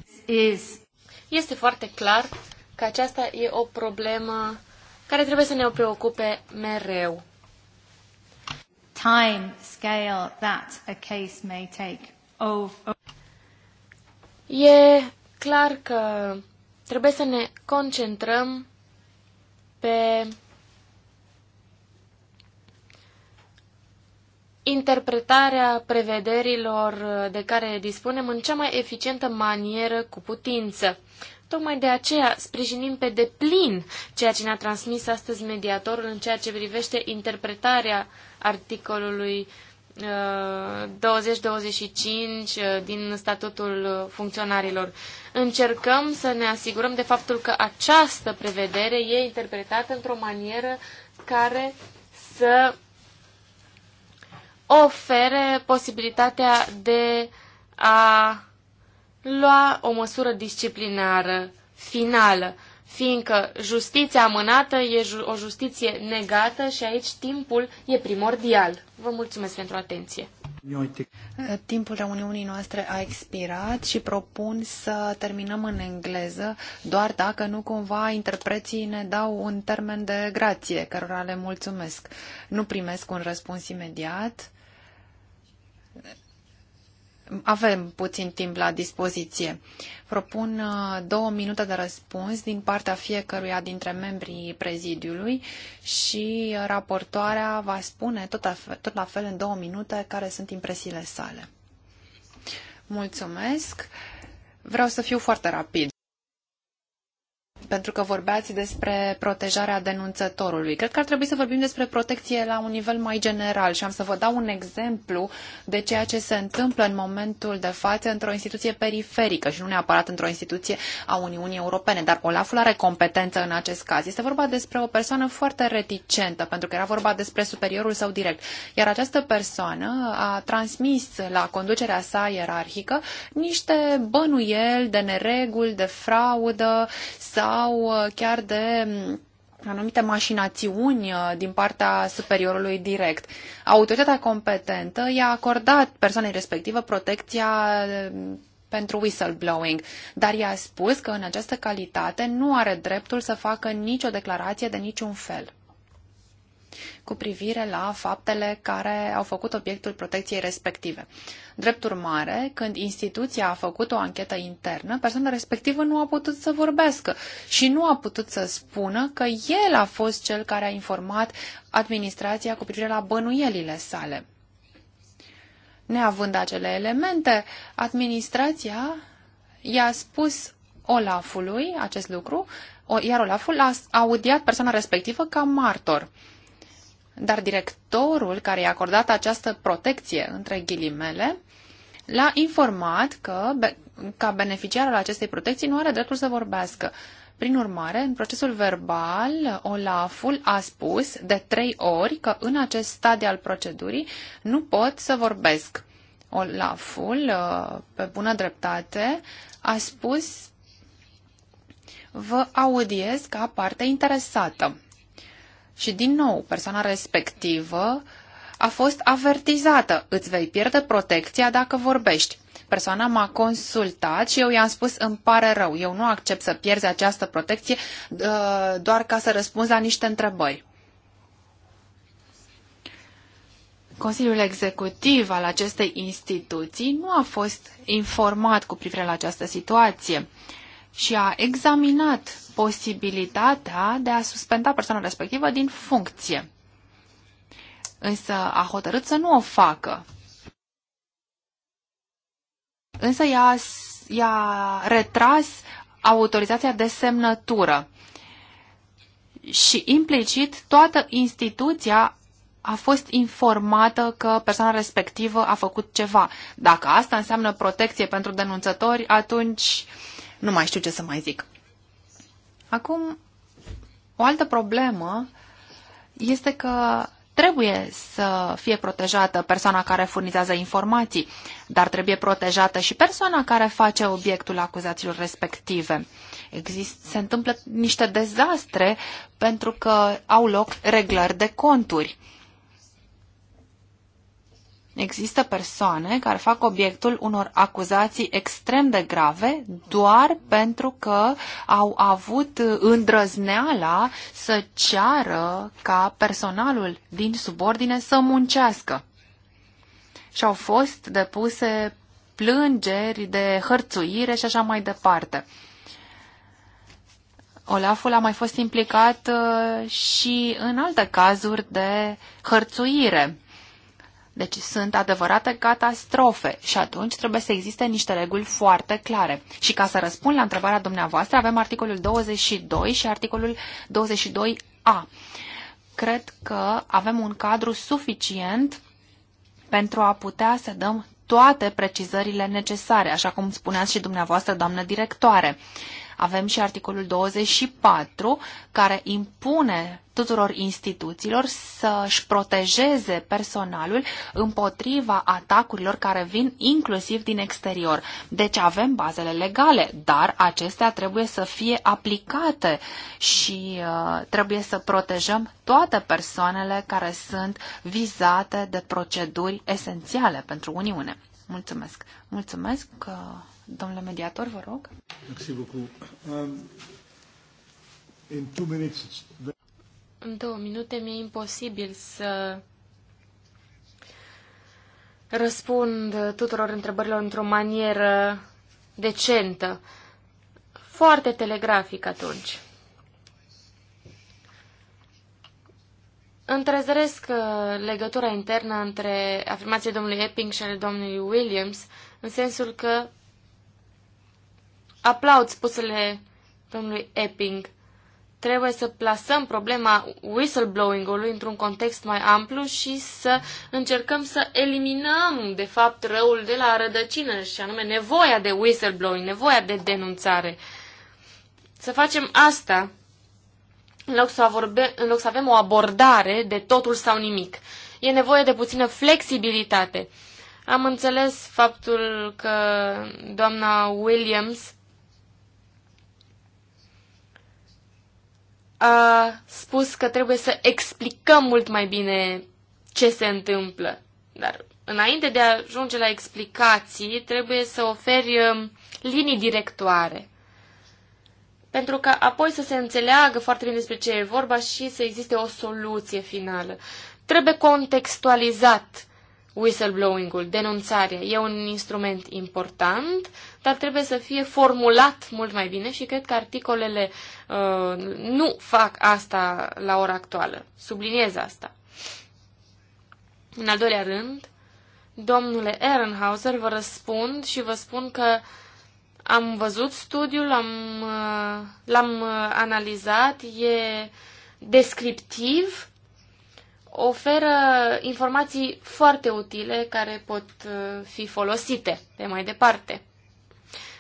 Este foarte clar că aceasta e o problemă care trebuie să ne preocupe mereu. Time scale that a case may take. Oh, oh. E clar că trebuie să ne concentrăm pe interpretarea prevederilor de care dispunem în cea mai eficientă manieră cu putință. Tocmai de aceea sprijinim pe deplin ceea ce ne-a transmis astăzi mediatorul în ceea ce privește interpretarea articolului 20-25 uh, uh, din statutul uh, funcționarilor. Încercăm să ne asigurăm de faptul că această prevedere e interpretată într-o manieră care să ofere posibilitatea de a lua o măsură disciplinară finală, fiindcă justiția amânată e o justiție negată și aici timpul e primordial. Vă mulțumesc pentru atenție. Timpul reuniunii noastre a expirat și propun să terminăm în engleză, doar dacă nu cumva interpreții ne dau un termen de grație, cărora le mulțumesc. Nu primesc un răspuns imediat avem puțin timp la dispoziție. Propun uh, două minute de răspuns din partea fiecăruia dintre membrii prezidiului și raportoarea va spune tot, tot la fel în două minute care sunt impresiile sale. Mulțumesc! Vreau să fiu foarte rapid pentru că vorbeați despre protejarea denunțătorului. Cred că ar trebui să vorbim despre protecție la un nivel mai general și am să vă dau un exemplu de ceea ce se întâmplă în momentul de față într-o instituție periferică și nu neapărat într-o instituție a Uniunii Europene, dar Olaful are competență în acest caz. Este vorba despre o persoană foarte reticentă, pentru că era vorba despre superiorul său direct, iar această persoană a transmis la conducerea sa ierarhică niște bănuieli de nereguli, de fraudă sau sau uh, chiar de mm, anumite mașinațiuni uh, din partea superiorului direct. Autoritatea competentă i-a acordat persoanei respective protecția mm, pentru whistleblowing, dar i-a spus că în această calitate nu are dreptul să facă nicio declarație de niciun fel cu privire la faptele care au făcut obiectul protecției respective. Drept urmare, când instituția a făcut o anchetă internă, persoana respectivă nu a putut să vorbească și nu a putut să spună că el a fost cel care a informat administrația cu privire la bănuielile sale. Neavând acele elemente, administrația i-a spus Olafului acest lucru, iar Olaful a audiat persoana respectivă ca martor dar directorul care i-a acordat această protecție, între ghilimele, l-a informat că, ca beneficiar al acestei protecții, nu are dreptul să vorbească. Prin urmare, în procesul verbal, Olaful a spus de trei ori că în acest stadiu al procedurii nu pot să vorbesc. Olaful, uh, pe bună dreptate, a spus vă audiez ca parte interesată. Și din nou, persoana respectivă a fost avertizată. Îți vei pierde protecția dacă vorbești. Persoana m-a consultat și eu i-am spus îmi pare rău, eu nu accept să pierzi această protecție doar ca să răspunzi la niște întrebări. Consiliul Executiv al acestei instituții nu a fost informat cu privire la această situație și a examinat posibilitatea de a suspenda persoana respectivă din funcție. Însă a hotărât să nu o facă. Însă i-a, i-a retras autorizația de semnătură și implicit toată instituția a fost informată că persoana respectivă a făcut ceva. Dacă asta înseamnă protecție pentru denunțători, atunci uh, nu mai știu ce să mai zic. Acum, o altă problemă este că trebuie să fie protejată persoana care furnizează informații, dar trebuie protejată și persoana care face obiectul acuzațiilor respective. Exist, se întâmplă niște dezastre pentru că au loc reglări de conturi. Există persoane care fac obiectul unor acuzații extrem de grave doar pentru că au avut îndrăzneala să ceară ca personalul din subordine să muncească. Și au fost depuse plângeri de hărțuire și așa mai departe. Olaful a mai fost implicat uh, și în alte cazuri de hărțuire deci sunt adevărate catastrofe și atunci trebuie să existe niște reguli foarte clare. Și ca să răspund la întrebarea dumneavoastră, avem articolul 22 și articolul 22a. Cred că avem un cadru suficient pentru a putea să dăm toate precizările necesare, așa cum spuneați și dumneavoastră, doamnă directoare. Avem și articolul 24 care impune tuturor instituțiilor să-și protejeze personalul împotriva atacurilor care vin inclusiv din exterior. Deci avem bazele legale, dar acestea trebuie să fie aplicate și uh, trebuie să protejăm toate persoanele care sunt vizate de proceduri esențiale pentru Uniune. Mulțumesc! Mulțumesc! Uh... Domnule mediator, vă rog. Um, în două minute mi-e imposibil să răspund tuturor întrebărilor într-o manieră decentă. Foarte telegrafic atunci. Întrezăresc uh, legătura internă între afirmațiile domnului Epping și ale domnului Williams, în sensul că aplaud spusele domnului Epping. Trebuie să plasăm problema whistleblowing-ului într-un context mai amplu și să încercăm să eliminăm, de fapt, răul de la rădăcină, și anume nevoia de whistleblowing, nevoia de denunțare. Să facem asta în loc să, vorbe, în loc să avem o abordare de totul sau nimic. E nevoie de puțină flexibilitate. Am înțeles faptul că doamna Williams a spus că trebuie să explicăm mult mai bine ce se întâmplă. Dar înainte de a ajunge la explicații, trebuie să oferi um, linii directoare. Pentru că apoi să se înțeleagă foarte bine despre ce e vorba și să existe o soluție finală. Trebuie contextualizat whistleblowing-ul, denunțarea. E un instrument important, dar trebuie să fie formulat mult mai bine și cred că articolele uh, nu fac asta la ora actuală. Subliniez asta. În al doilea rând, domnule Ehrenhauser, vă răspund și vă spun că am văzut studiul, am, uh, l-am uh, analizat, e descriptiv, oferă informații foarte utile care pot uh, fi folosite de mai departe.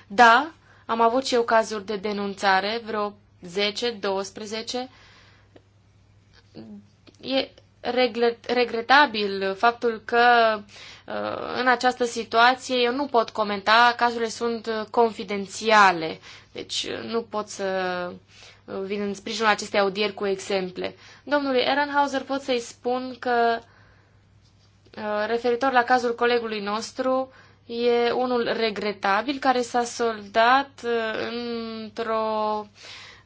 Da, am avut și eu cazuri de denunțare, vreo 10, 12. E regretabil faptul că uh, în această situație eu nu pot comenta, cazurile sunt confidențiale, deci uh, nu pot să uh, vin în sprijinul acestei audieri cu exemple. Domnului Ehrenhauser pot să-i spun că referitor la cazul colegului nostru, uh, e unul regretabil care s-a soldat uh, într-o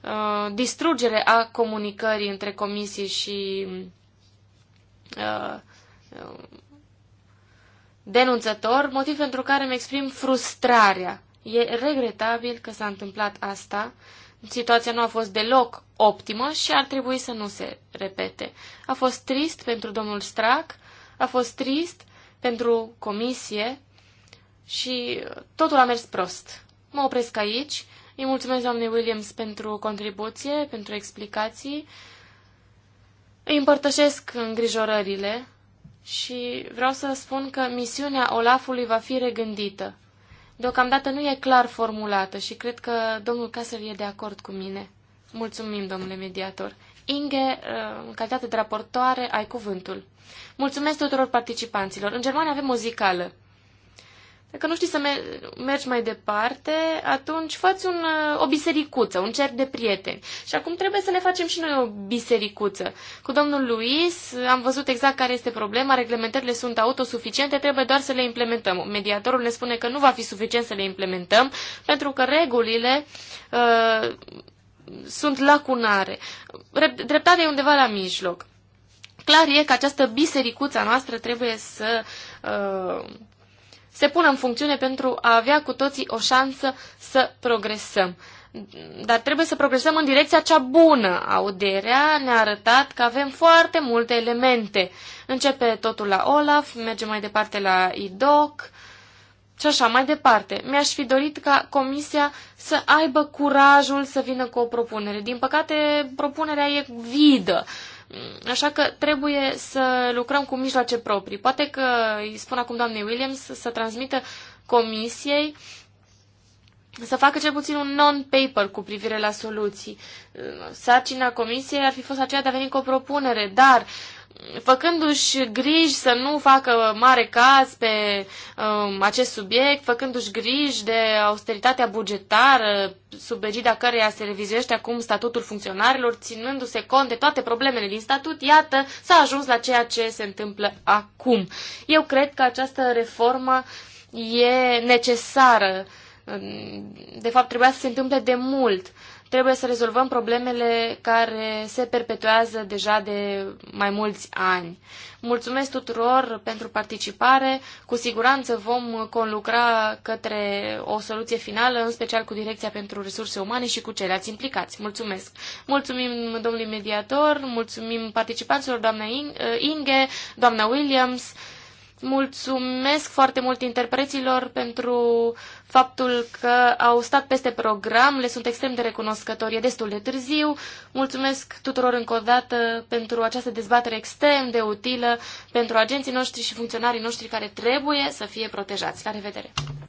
uh, distrugere a comunicării între comisie și uh, uh, denunțător, motiv pentru care îmi exprim frustrarea. E regretabil că s-a întâmplat asta. Situația nu a fost deloc optimă și ar trebui să nu se repete. A fost trist pentru domnul Strac, a fost trist pentru comisie, și totul a mers prost. Mă opresc aici. Îi mulțumesc doamnei Williams pentru contribuție, pentru explicații. Îi împărtășesc îngrijorările și vreau să spun că misiunea Olafului va fi regândită. Deocamdată nu e clar formulată și cred că domnul Casel e de acord cu mine. Mulțumim, domnule mediator. Inge, uh, în calitate de raportoare, ai cuvântul. Mulțumesc tuturor participanților. În Germania avem muzicală. Dacă nu știi să mergi mai departe, atunci faci un, uh, o bisericuță, un cer de prieteni. Și acum trebuie să ne facem și noi o bisericuță. Cu domnul Luis uh, am văzut exact care este problema, reglementările sunt autosuficiente, trebuie doar să le implementăm. Mediatorul ne spune că nu va fi suficient să le implementăm, pentru că regulile uh, sunt lacunare. Dreptatea e undeva la mijloc. Clar e că această bisericuță noastră trebuie să... Uh, se pună în funcțiune pentru a avea cu toții o șansă să progresăm. Dar trebuie să progresăm în direcția cea bună. Auderea ne-a arătat că avem foarte multe elemente. Începe totul la Olaf, merge mai departe la IDOC și așa mai departe. Mi-aș fi dorit ca comisia să aibă curajul să vină cu o propunere. Din păcate, propunerea e vidă. Așa că trebuie să lucrăm cu mijloace proprii. Poate că îi spun acum doamnei Williams să transmită comisiei să facă cel puțin un non-paper cu privire la soluții. Sarcina comisiei ar fi fost aceea de a veni cu o propunere, dar uh, făcându-și griji să nu facă mare caz pe um, acest subiect, făcându-și griji de austeritatea bugetară, sub egida căreia se revizuiește acum statutul funcționarilor, ținându-se cont de toate problemele din statut, iată, s-a ajuns la ceea ce se întâmplă acum. Eu cred că această reformă e necesară. De fapt, trebuia să se întâmple de mult. Uh, trebuie să rezolvăm problemele care se perpetuează deja de mai mulți ani. Mulțumesc tuturor pentru participare. Cu siguranță vom conlucra către o soluție finală, în special cu Direcția pentru Resurse Umane și cu ceilalți implicați. Mulțumesc! Mulțumim domnului mediator, mulțumim participanților, doamna uh, Inge, doamna Williams. Mulțumesc foarte mult interpreților pentru faptul că au stat peste program, le sunt extrem de recunoscători, e destul de târziu. Mulțumesc tuturor încă o dată pentru această dezbatere extrem de utilă pentru agenții noștri și funcționarii noștri care trebuie să fie protejați. La revedere!